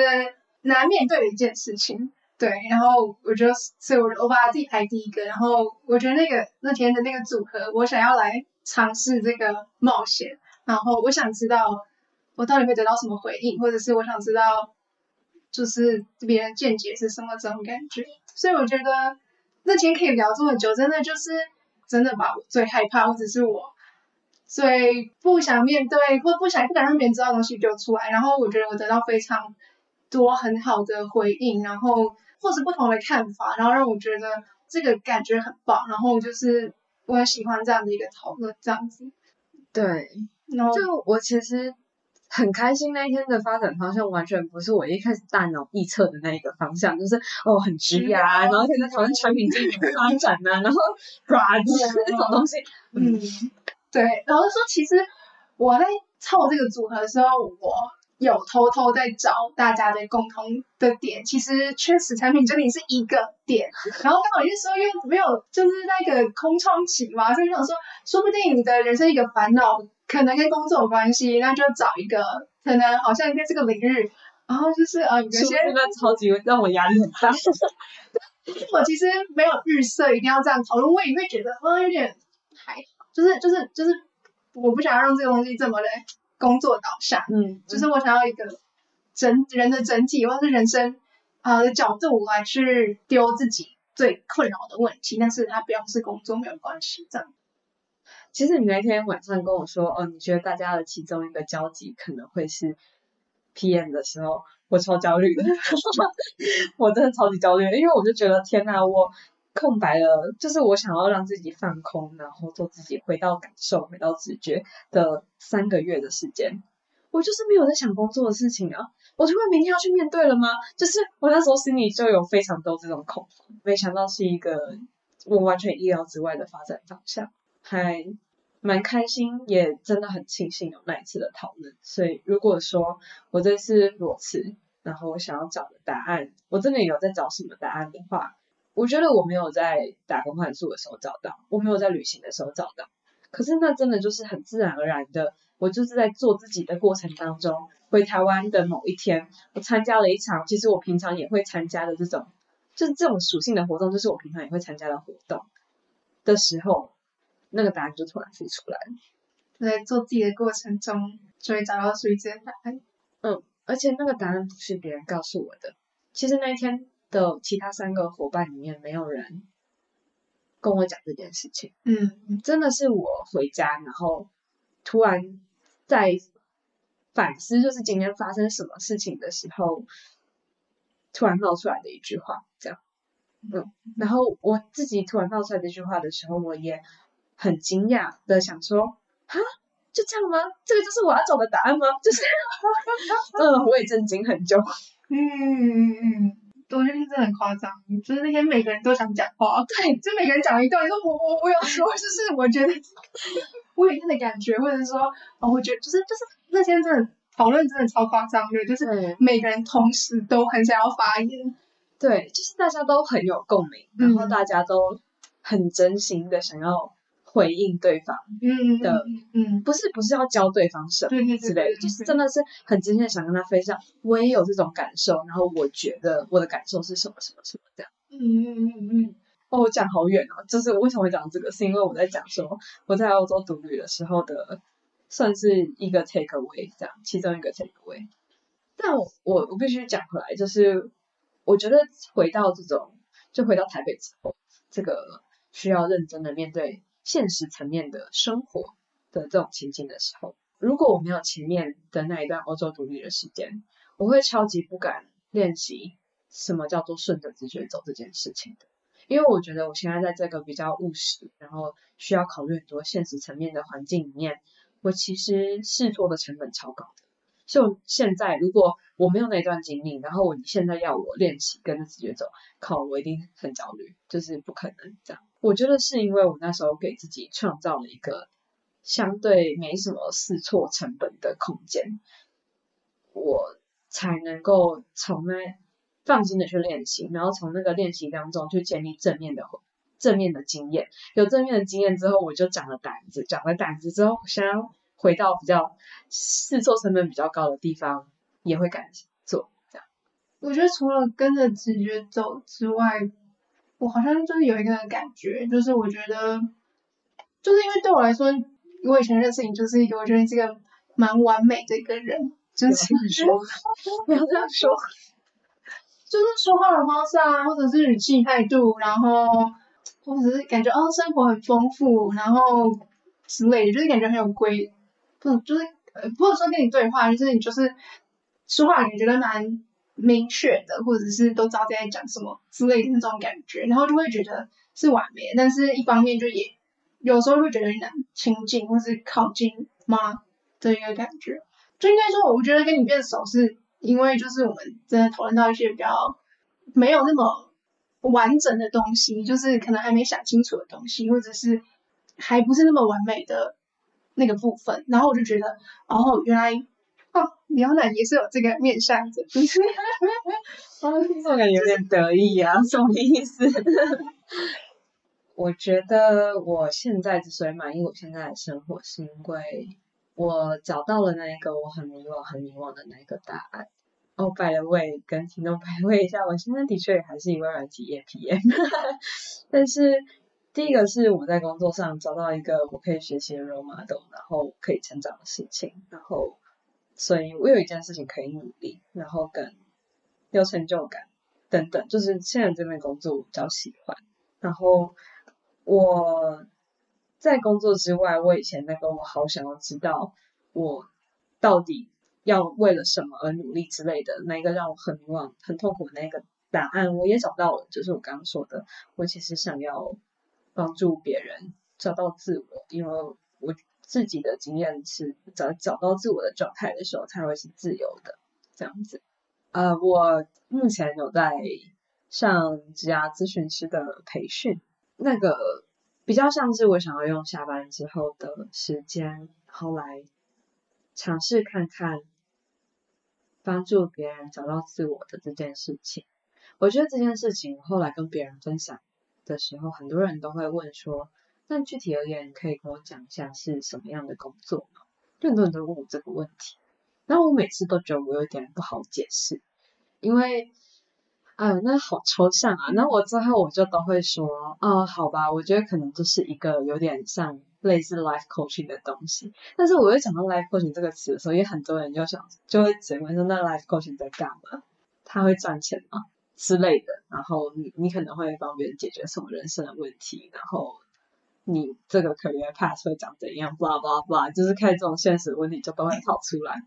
難面對的一件事情。對，然後我就所以我就我把自己排第一個，然後我覺得那個那天的那個組合，我想要來嘗試這個冒險，然後我想知道。我到底會得到什麼回應，或者是我想知道，就是別人見解是什麼這種感覺。所以我覺得那天可以聊這麼久，真的就是真的把我最害怕，或者是我最不想面對，或不想不敢讓別人知道的東西丟出來。然後我覺得我得到非常多很好的回應，然後或是不同的看法，然後讓我覺得這個感覺很棒。然後就是我很喜歡這樣的一個討論，這樣子。對，然後就我其實。很開心那一天的發展方向完全不是我一開始大腦預測的那一個方向，嗯、就是哦很直呀、啊嗯，然後現在討論產品經理的發展啊，嗯、然後子資、嗯、那種東西嗯，嗯，對。然後說其實我在湊這個組合的時候，我有偷偷在找大家的共同的點，其實確實產品經理是一個點，然後剛好那時候又沒有就是那個空窗期嘛，所以想說說不定你的人生一個煩惱，可能跟工作有關係，那就找一個可能好像在這個領域，然、哦、後就是呃有些超級讓我壓力很大。 <laughs> <laughs> 我其實沒有預設一定要這樣考、哦，我也會覺得啊、哦、有點還好，就是就是就是，我不想要讓這個東西這麼的工作導向，嗯，嗯，就是我想要一個整人的整體或者是人生啊、呃、的角度來去丟自己最困擾的問題，但是它不要是工作沒有關係這樣。其實你那天晚上跟我說，哦，你覺得大家的其中一個交集可能會是 PM 的時候，我超焦慮的， <laughs> 我真的超級焦慮的，因為我就覺得天吶、啊，我空白了，就是我想要讓自己放空，然後做自己，回到感受，回到直覺的三個月的時間，我就是沒有在想工作的事情啊，我突然明天要去面對了嗎？就是我那時候心裡就有非常多這種恐慌，沒想到是一個我完全意料之外的發展方向。還蠻開心，也真的很慶幸有那一次的討論。所以，如果說我這次裸辭，然後我想要找的答案，我真的也有在找什麼答案的話，我覺得我沒有在打工換宿的時候找到，我沒有在旅行的時候找到。可是，那真的就是很自然而然的，我就是在做自己的過程當中，回台灣的某一天，我參加了一場，其實我平常也會參加的這種，就是這種屬性的活動，就是我平常也會參加的活動的時候。那個答案就突然飛出來了。在做自己的過程中，終於找到屬於自己的答案。嗯，而且那個答案不是別人告訴我的。其實那一天的其他三個夥伴裡面，沒有人跟我講這件事情。嗯，真的是我回家，然後突然在反思，就是今天發生什麼事情的時候，突然冒出來的一句話，這樣。嗯，然後我自己突然冒出來這句話的時候，我也。很驚訝的想說啊，就這樣嗎？這個就是我要找的答案嗎？就是，嗯、 <laughs> 呃，我也震驚很久。嗯嗯，嗯。覺、嗯、得真的很誇張。就是那天每個人都想講話，對，就每個人講一段。就我我我要說，就是我覺得我有那樣的感覺，或者說哦，我覺得就是就是那天真的討論真的超誇張的，就是每個人同時都很想要發言，嗯。對，就是大家都很有共鳴，然後大家都很真心的想要。回應對方，嗯的，嗯，不是不是要教對方什麼之類的，就是真的是很真心的想跟他分享，我也有這種感受，然後我覺得我的感受是什麼什麼什麼這樣，嗯嗯嗯嗯，哦，我講好遠啊，就是我為什麼會講這個，是因為我在講說我在澳洲獨旅的時候的，算是一個 take away 這樣，其中一個 take away，但我我必須講回來，就是我覺得回到這種，就回到台北之後，這個需要認真的面對。現實層面的生活的這種情境的時候，如果我沒有前面的那一段歐洲獨立的時間，我會超級不敢練習什麼叫做順着直覺走這件事情的，因為我覺得我現在在這個比較務實，然後需要考慮很多現實層面的環境裡面，我其實試錯的成本超高的。就現在，如果我沒有那一段經歷，然後你現在要我練習跟着直覺走，靠，我一定很焦慮，就是不可能這樣。我覺得是因為我那時候給自己創造了一個相對沒什麼試錯成本的空間，我才能夠從那放心的去練習，然後從那個練習當中去建立正面的正面的經驗。有正面的經驗之後，我就長了膽子，長了膽子之後，想要回到比較試錯成本比較高的地方，也會敢做。這樣，我覺得除了跟着直覺走之外。我好像就是有一個感覺，就是我覺得，就是因為對我來說，我以前認識你就是一個，我覺得你是一個蠻完美的一個人，就是不要，說 <laughs> 不要這樣說，就是說話的方式啊，或者是語氣態度，然後或者是感覺，哦，生活很豐富，然後之類的，就是感覺很有規，不就是或者說跟你對話，就是你就是說話，你覺得蠻。明確的，或者是都知道在講什麼之類的那種感覺，然後就會覺得是完美。但是一方面就也有時候會覺得很難親近，或是靠近嗎的一個感覺。就應該說，我覺得跟你變熟是因為就是我們真的討論到一些比較沒有那麼完整的東西，就是可能還沒想清楚的東西，或者是還不是那麼完美的那個部分。然後我就覺得，哦，原來。哦，牛奶也是有這個面相的。啊、 <laughs> <laughs> 就是，這種感覺有點得意啊，什麼意思？我覺得我現在之所以滿意我現在的生活新，是因為我找到了那一個我很迷惘、很迷惘的那一個答案。哦，by the 跟聽眾拜位一下，way, 我現在的確還是一位軟件業 PM。 <laughs> 但是第一個是我在工作上找到一個我可以學習的 role model，然後可以成長的事情，然後。所以，我有一件事情可以努力，然後更有成就感等等，就是現在這份工作我比較喜歡。然後，我在工作之外，我以前那個我好想要知道我到底要為了什麼而努力之類的，那一個讓我很迷惘、很痛苦的那個答案，我也找到了，就是我剛剛說的，我其實想要幫助別人找到自我，因為我。自己的經驗是找找到自我的狀態的時候，才會是自由的這樣子。呃，我目前有在上職涯諮詢師的培訓，那個比較像是我想要用下班之後的時間，後來嘗試看看幫助別人找到自我的這件事情。我覺得這件事情，後來跟別人分享的時候，很多人都會問說。但具體而言，你可以跟我講一下是什麼樣的工作嗎？就很多人都問我這個問題，那我每次都覺得我有點不好解釋，因為，哎，那好抽象啊。那我之後我就都會說，哦、啊，好吧，我覺得可能這是一個有點像類似 life coaching 的東西。但是，我又講到 life coaching 這個詞的時候，所以很多人就想，就會追問說，那 life coaching 在幹嘛？他會賺錢嗎？之類的。然後你，你可能會幫別人解決什麼人生的問題，然後。你這個 career path 會長怎樣？blah blah blah，就是看這種現實問題就都會跑出來，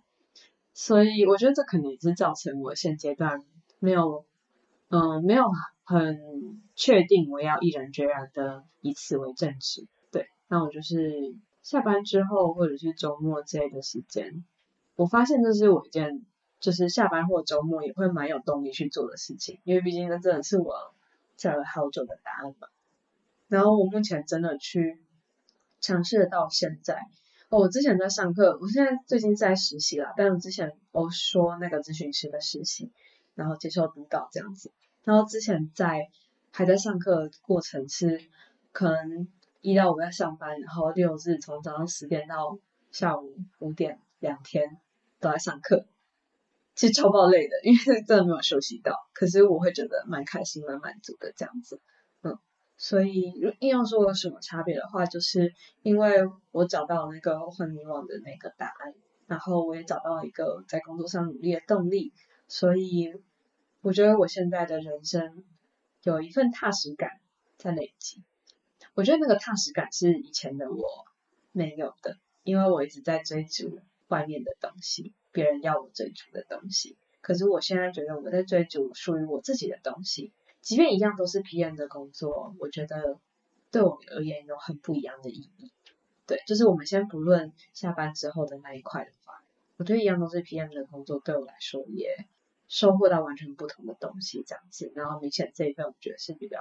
所以我覺得這肯定是造成我現階段沒有，嗯、呃，沒有很確定我要毅然決然的以此為正職。對，那我就是下班之後或者是週末這一個時間，我發現這是我一件就是下班或週末也會蠻有動力去做的事情，因為畢竟那真的是我找了好久的答案嘛。然後我目前真的去嘗試到現在哦，我之前在上課，我現在最近在實習啦。但是之前我說那個諮詢師的實習，然後接受督導這樣子。然後之前在還在上課的過程是，可能一到五在上班，然後六日從早上十點到下午五點，兩天都在上課，其實超爆累的，因為真的沒有休息到。可是我會覺得蠻開心、蠻滿足的這樣子。所以，應用說有什麼差別的話，就是因為我找到了那個很迷茫的那個答案，然後我也找到了一個在工作上努力的動力，所以我覺得我現在的人生有一份踏實感在累積。我覺得那個踏實感是以前的我沒有的，因為我一直在追逐外面的東西，別人要我追逐的東西。可是我現在覺得我在追逐屬於我自己的東西。即便一樣都是 PM 的工作，我覺得對我們而言有很不一樣的意義。對，就是我們先不論下班之後的那一塊的話，我覺得一樣都是 PM 的工作，對我來說也收穫到完全不同的東西。這樣子，然後明顯這一份我覺得是比較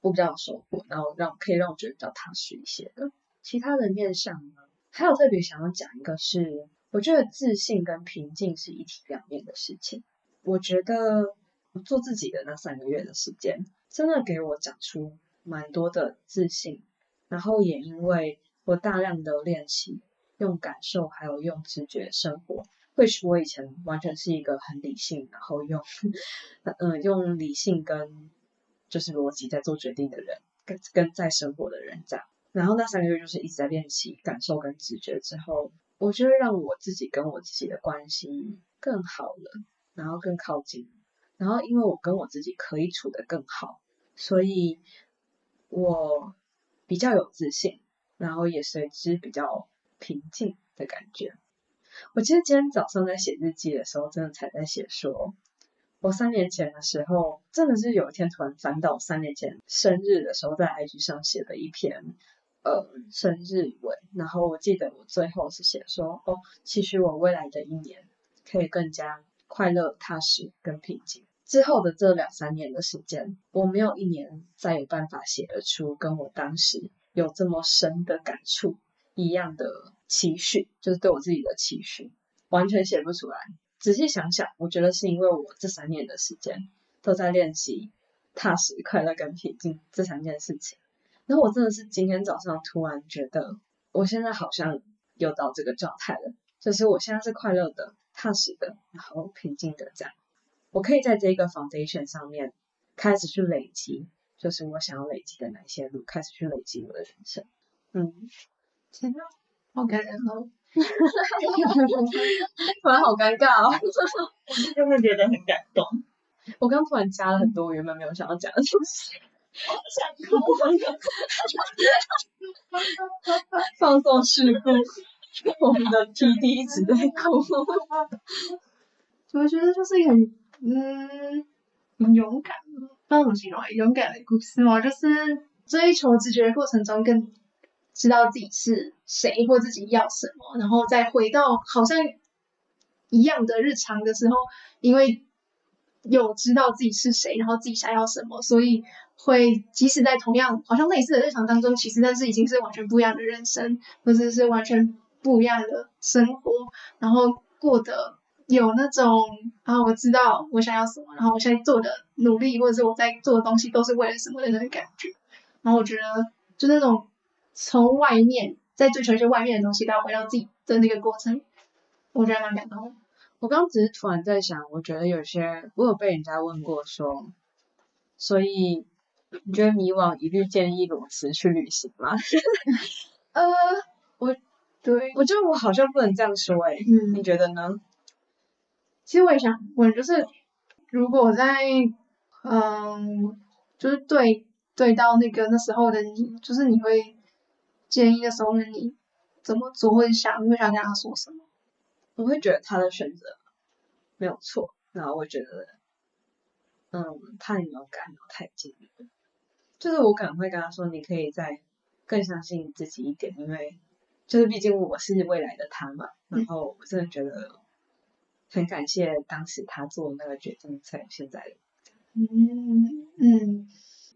我比較有收穫，然後讓可以讓我覺得比較踏實一些的。其他的面向呢，還有特別想要講一個是，是我覺得自信跟平靜是一體兩面的事情。我覺得。做自己的那三個月的時間，真的給我長出蠻多的自信，然後也因為我大量的練習用感受，還有用直覺生活，會使我以前完全是一個很理性，然後用，嗯，用理性跟就是邏輯在做決定的人，跟跟在生活的人這樣。然後那三個月就是一直在練習感受跟直覺之後，我覺得讓我自己跟我自己的關係更好了，然後更靠近。然後，因為我跟我自己可以處得更好，所以，我比較有自信，然後也隨之比較平靜的感覺。我記得今天早上在寫日記的時候，真的才在寫說，我三年前的時候，真的是有一天突然翻到三年前生日的時候，在 IG 上寫的一篇呃生日文，然後我記得我最後是寫說，哦，期許我未來的一年可以更加，快樂、踏實跟平靜。之後的這兩三年的時間，我沒有一年再有辦法寫得出跟我當時有這麼深的感觸一樣的期許，就是對我自己的期許，完全寫不出來。仔細想想，我覺得是因為我這三年的時間都在練習踏實、快樂跟平靜這三件事情，然後我真的是今天早上突然覺得，我現在好像又到這個狀態了，就是我現在是快樂的。踏實的，然後平靜的，這樣，我可以在這個 foundation 上面開始去累積，就是我想要累積的哪些路，開始去累積我的人生。嗯，天啊，好感動。突 <laughs> 然好尷尬哦！我 <laughs> 真的覺得很感動。我剛突然加了很多原本沒有想要講的東西， <laughs> 想哭 <laughs> 放鬆事故我們的 PD 一直在哭。 <laughs> 我覺得就是一個嗯，很勇敢、不知道怎麼形容，勇敢的故事嘛。就是追求直覺的過程中，更知道自己是誰或自己要什麼，然後再回到好像一樣的日常的時候，因為有知道自己是誰，然後自己想要什麼，所以會即使在同樣好像類似的日常當中，其實但是已經是完全不一樣的人生，或者是完全。不一樣的生活，然後過得有那種啊，我知道我想要什麼，然後我現在做的努力，或者是我在做的東西，都是為了什麼的那種感覺。然後我覺得，就那種從外面在追求一些外面的東西，到回到自己的那個過程，我覺得蠻感動。我剛剛只是突然在想，我覺得有些我有被人家問過說，所以你覺得迷惘，一律建議，裸辭去旅行嗎？ <laughs> 呃，我。對，我覺得我好像不能這樣說、欸、嗯，你覺得呢？其實我也想問，我就是如果在，嗯，就是對對到那個那時候的你，就是你會建議的時候呢，你怎麼做會想，你會想跟他說什麼？我會覺得他的選擇沒有錯，然後我覺得，嗯，太勇敢，太近，就是我可能會跟他說，你可以再更相信自己一點，因為。就是畢竟我是未來的他嘛，嗯，然後我真的覺得很感謝當時他做那個決定，在現在的，嗯嗯，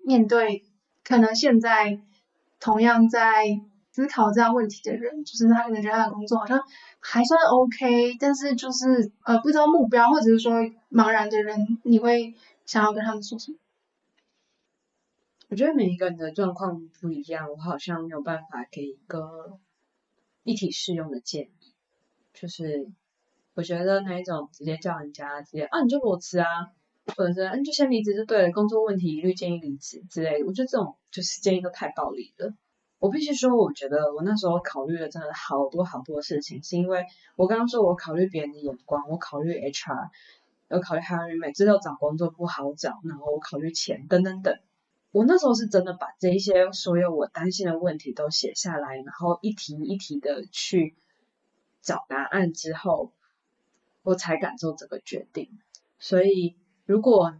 面對可能現在同樣在思考這樣問題的人，就是他可能覺得他的工作好像還算 OK，但是就是呃不知道目標或者是說茫然的人，你會想要跟他們說什麼？我覺得每一個人的狀況不一樣，我好像沒有辦法給一個。一體適用的建議，就是我覺得那一種直接叫人家直接啊，你就裸辭啊，或者是嗯，就先離職就對了，工作問題一律建議離職之類的，我覺得這種就是建議都太暴力了。我必須說，我覺得我那時候考慮了真的好多好多事情，是因為我剛剛說我考慮別人的眼光，我考慮 HR，我考慮還有每次要找工作不好找，然後我考慮錢，等等等。我那時候是真的把這一些所有我擔心的問題都寫下來，然後一題一題的去找答案之後，我才敢做這個決定。所以，如果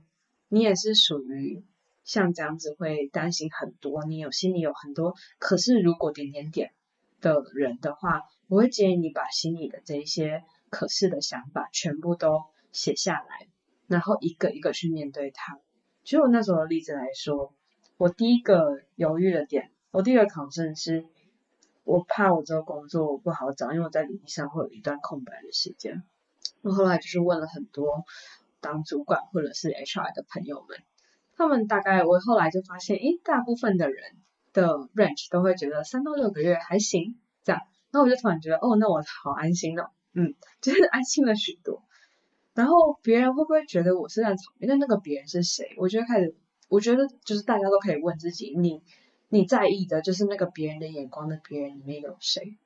你也是屬於像這樣子會擔心很多，你有心裡有很多可是如果點點點的人的話，我會建議你把心裡的這一些可是的想法全部都寫下來，然後一個一個去面對它。就我那時候的例子來說。我第一個猶豫的點，我第一個考證是，我怕我這個工作不好找，因為我在履歷上會有一段空白的時間。我後來就是問了很多當主管或者是 HR 的朋友們，他們大概我後來就發現，誒、欸，大部分的人的 range 都會覺得三到六個月還行這樣。那我就突然覺得，哦，那我好安心了，哦，嗯，真的安心了許多。然後別人會不會覺得我是在草？因為那個別人是誰，我就開始。我覺得就是大家都可以問自己，你你在意的就是那個別人的眼光，那別人裡面有誰？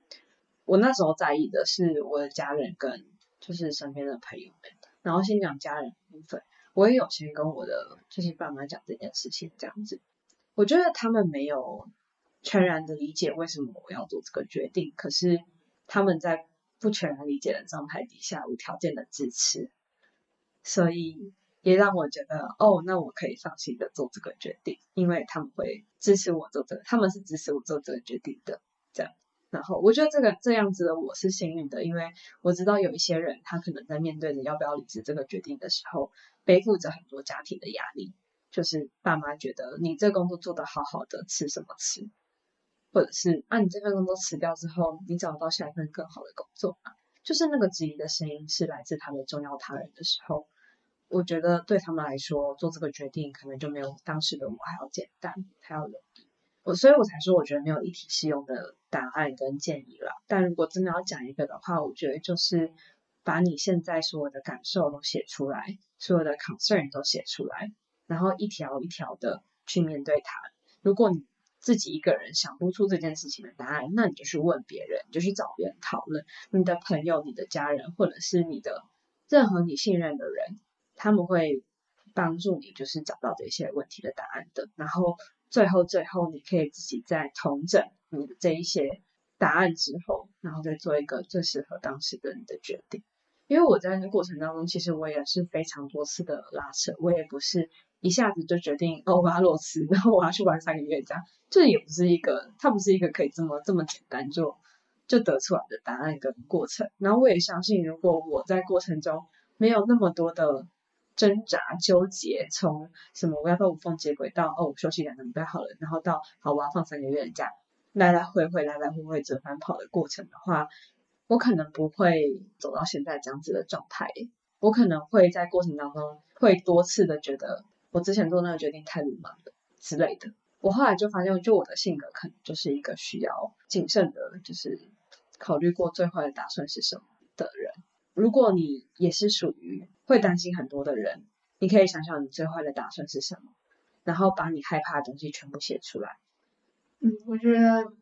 我那時候在意的是我的家人跟就是身邊的朋友們。然後先講家人部分，我也有先跟我的就是爸媽講這件事情，這樣子。我覺得他們沒有全然的理解為什麼我要做這個決定，可是他們在不全然理解的狀態底下，無條件的支持。所以。也讓我覺得，哦，那我可以放心的做這個決定，因為他們會支持我做這個，他們是支持我做這個決定的。這樣，然後我覺得這個這樣子的我是幸運的，因為我知道有一些人，他可能在面對着要不要離職這個決定的時候，背負着很多家庭的壓力，就是爸媽覺得你這工作做的好好的，吃什麼吃，或者是啊，你這份工作辭掉之後，你找到下一份更好的工作嘛？就是那個質疑的聲音是來自他們重要他人的時候。我覺得對他們來說，做這個決定可能就沒有當時的我還要簡單還要容易，我所以，我才說我覺得沒有一體適用的答案跟建議了。但如果真的要講一個的話，我覺得就是把你現在所有的感受都寫出來，所有的 concern 都寫出來，然後一條一條的去面對它。如果你自己一個人想不出這件事情的答案，那你就去問別人，就去找別人討論。你的朋友、你的家人，或者是你的任何你信任的人。他們會幫助你，就是找到這些問題的答案的。然後最後最後，你可以自己再重整你的這一些答案之後，然後再做一個最適合當時的你的決定。因為我在這個過程當中，其實我也是非常多次的拉扯，我也不是一下子就決定哦，我要裸辭，然後我要去玩三個月這樣。這也不是一個，它不是一個可以這麼這麼簡單就就得出來的答案跟過程。然後我也相信，如果我在過程中沒有那麼多的。掙扎糾結，從什麼我要到無縫接軌到哦，休息兩禮拜好了，然後到好吧，我要放三個月的假，來來回回，來來回回，折返跑的過程的話，我可能不會走到現在這樣子的狀態，我可能會在過程當中會多次的覺得我之前做那個決定太魯莽了之類的。我後來就發現，就我的性格可能就是一個需要謹慎的，就是考慮過最壞的打算是什麼的人。如果你也是屬於。會擔心很多的人，你可以想想你最壞的打算是什麼，然後把你害怕的東西全部寫出來。嗯，我覺得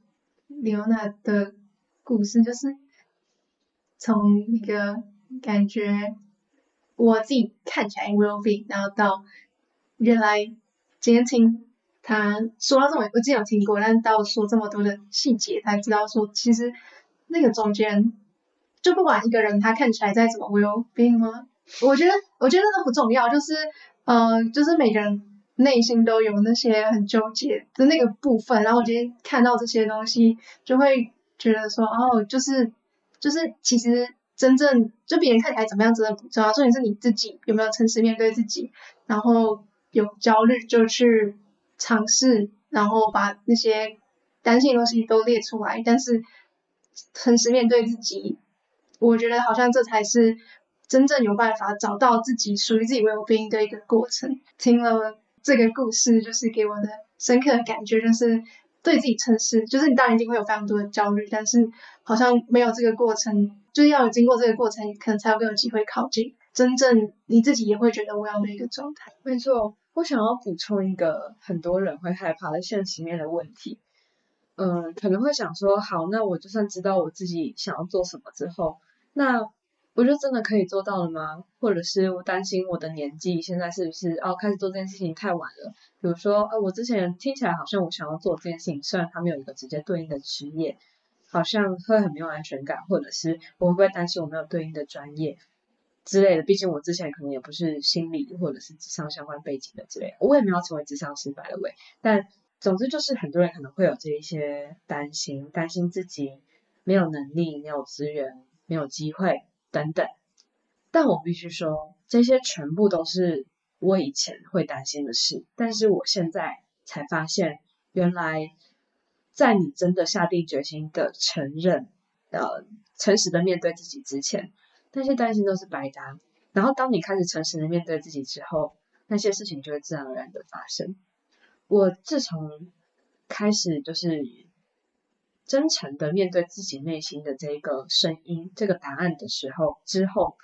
Leona 的故事就是從一個感覺我自己看起來 will be，然後到原來今天聽他說到這種，我之前有聽過，但到說這麼多的細節，才知道說其實那個中間就不管一個人他看起來再怎麼 will be 嗎？我覺得，我覺得那個不重要，就是，呃，就是每個人內心都有那些很糾結的那個部分。然後我今天看到這些東西，就會覺得說，哦，就是，就是其實真正就別人看起來怎麼樣，真的不重要，啊，重點是你自己有沒有誠實面對自己。然後有焦慮就去嘗試，然後把那些擔心的東西都列出來。但是誠實面對自己，我覺得好像這才是。真正有辦法找到自己屬於自己、唯我配的一個過程，聽了這個故事，就是給我的深刻的感覺，就是對自己誠實。就是你當然一定會有非常多的焦慮，但是好像沒有這個過程，就是要有經過這個過程，你可能才有更有機會靠近真正你自己也會覺得我要的一個狀態。沒錯，我想要補充一個很多人會害怕的現實面的問題，嗯，可能會想說，好，那我就算知道我自己想要做什麼之後，那。我就真的可以做到了嗎？或者是我擔心我的年紀現在是不是哦開始做這件事情太晚了？比如說，呃、啊，我之前聽起來好像我想要做這件事情，雖然他沒有一個直接對應的職業，好像會很沒有安全感，或者是我會不會擔心我沒有對應的專業之類的？畢竟我之前可能也不是心理或者是職場相關背景的之類的，我也沒有成為職場失敗的位。但總之就是很多人可能會有這一些擔心，擔心自己沒有能力、沒有資源、沒有機會。等等，但我必須說，這些全部都是我以前會擔心的事。但是我現在才發現，原來在你真的下定決心的承認、呃，誠實的面對自己之前，那些擔心都是白搭。然後，當你開始誠實的面對自己之後，那些事情就會自然而然的發生。我自從開始就是。真誠的面對自己內心的這個聲音、這個答案的時候，之後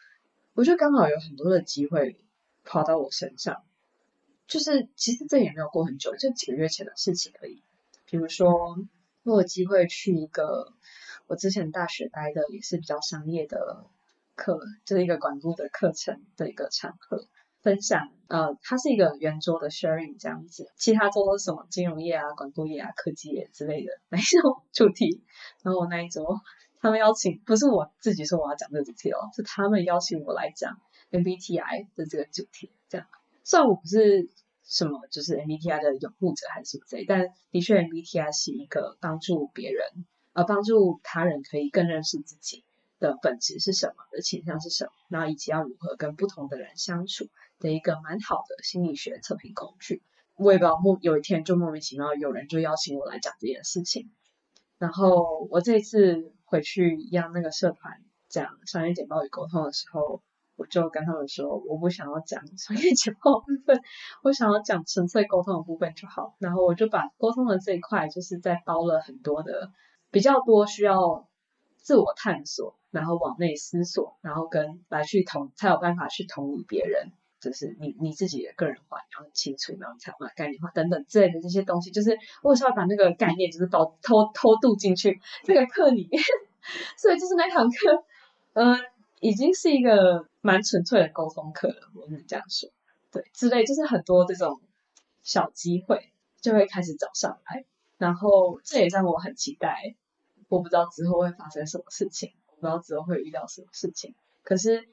我就剛好有很多的機會跑到我身上，就是其實這也沒有過很久，就幾個月前的事情而已。比如說，我有機會去一個我之前大學待的也是比較商業的課，就是一個管顧的課程的一個場合。分享，呃，它是一個圓桌的 sharing 這樣子，其他桌是什麼金融業啊、廣告業啊、科技業之類的那一種主題。然後我那一桌，他們邀請不是我自己說我要講這個主題哦，是他們邀請我來講 MBTI 的這個主題。這樣，雖然我不是什麼就是 MBTI 的擁護者還是誰，但的確 MBTI 是一個幫助別人，呃，幫助他人可以更認識自己，的本質是什麼？的傾向是什麼？然後以及要如何跟不同的人相處的一個蠻好的心理學測評工具。我也不知道，莫有一天就莫名其妙有人就邀請我來講這件事情。然後我這一次回去讓那個社團講商業簡報與溝通的時候，我就跟他們說我不想要講商業簡報部分， <laughs> 我想要講純粹溝通的部分就好。然後我就把溝通的這一塊就是在包了很多的比較多需要自我探索。然後往內思索，然後跟來去同才有辦法去同理別人，就是你你自己的個人化，你要清楚，然後你才有辦法概念化等等之類的這些東西，就是我有時候把那個概念就是包偷偷渡進去那個課裡面， <laughs> 所以就是那堂課，嗯、呃，已經是一個蠻純粹的溝通課了，我們這樣說，對，之類就是很多這種小機會就會開始找上來，然後這也讓我很期待，我不知道之後會發生什麼事情。不知道之後會遇到什麼事情，可是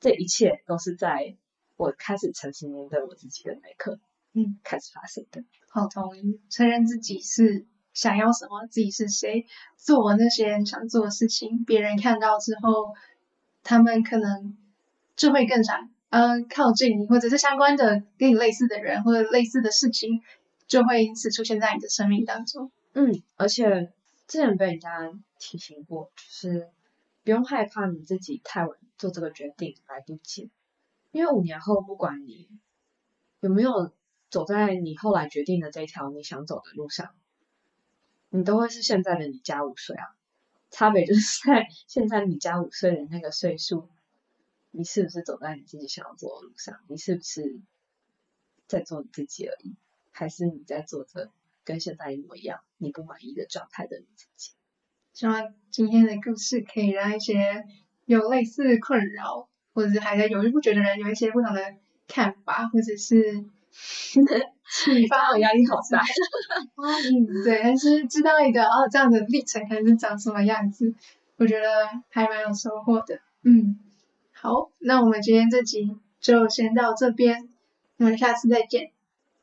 這一切都是在我開始誠實面對我自己的那一刻，嗯，開始發生的。嗯，好同意，承認自己是想要什麼，自己是誰，做我那些想做的事情，別人看到之後，他們可能就會更想呃靠近你，或者是相關的跟你類似的人或者類似的事情，就會因此出現在你的生命當中。嗯，而且之前被人家提醒過，就是。不用害怕你自己太晚做這個決定來不及，因為五年後不管你有沒有走在你後來決定的這條你想走的路上，你都會是現在的你加五歲啊。差別就是在現在你加五歲的那個歲數，你是不是走在你自己想要走的路上？你是不是在做你自己而已，還是你在做着跟現在一模一樣你不滿意的狀態的你自己？今天的故事可以讓一些有類似的困擾，或者是還在猶豫不決的人有一些不同的看法，或者是啟發。和 <laughs> 壓者是 <laughs> 力好大。 <laughs> 嗯，對，但是知道一個哦，這樣的歷程它是長什麼樣子，我覺得還蠻有收穫的。嗯，好，那我們今天這集就先到這邊，我們下次再見。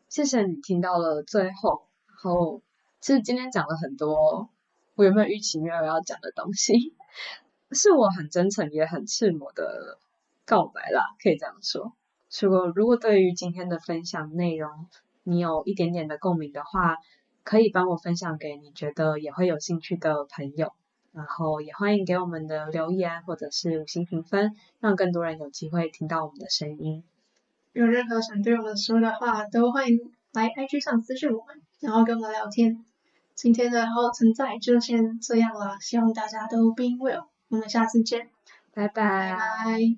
謝謝你聽到了最後，然後其實今天講了很多。我有沒有預期沒有要講的東西， <laughs> 是我很真誠也很赤裸的告白啦，可以這樣說。如果如果對於今天的分享內容你有一點點的共鳴的話，可以幫我分享給你覺得也會有興趣的朋友，然後也歡迎給我們的留言或者是五星評分，讓更多人有機會聽到我們的聲音。有任何想對我們說的話，都歡迎來 IG 上私訊我們，然後跟我們聊天。今天的好好存在就先這樣了，希望大家都 be well，我們下次見，拜拜。拜拜。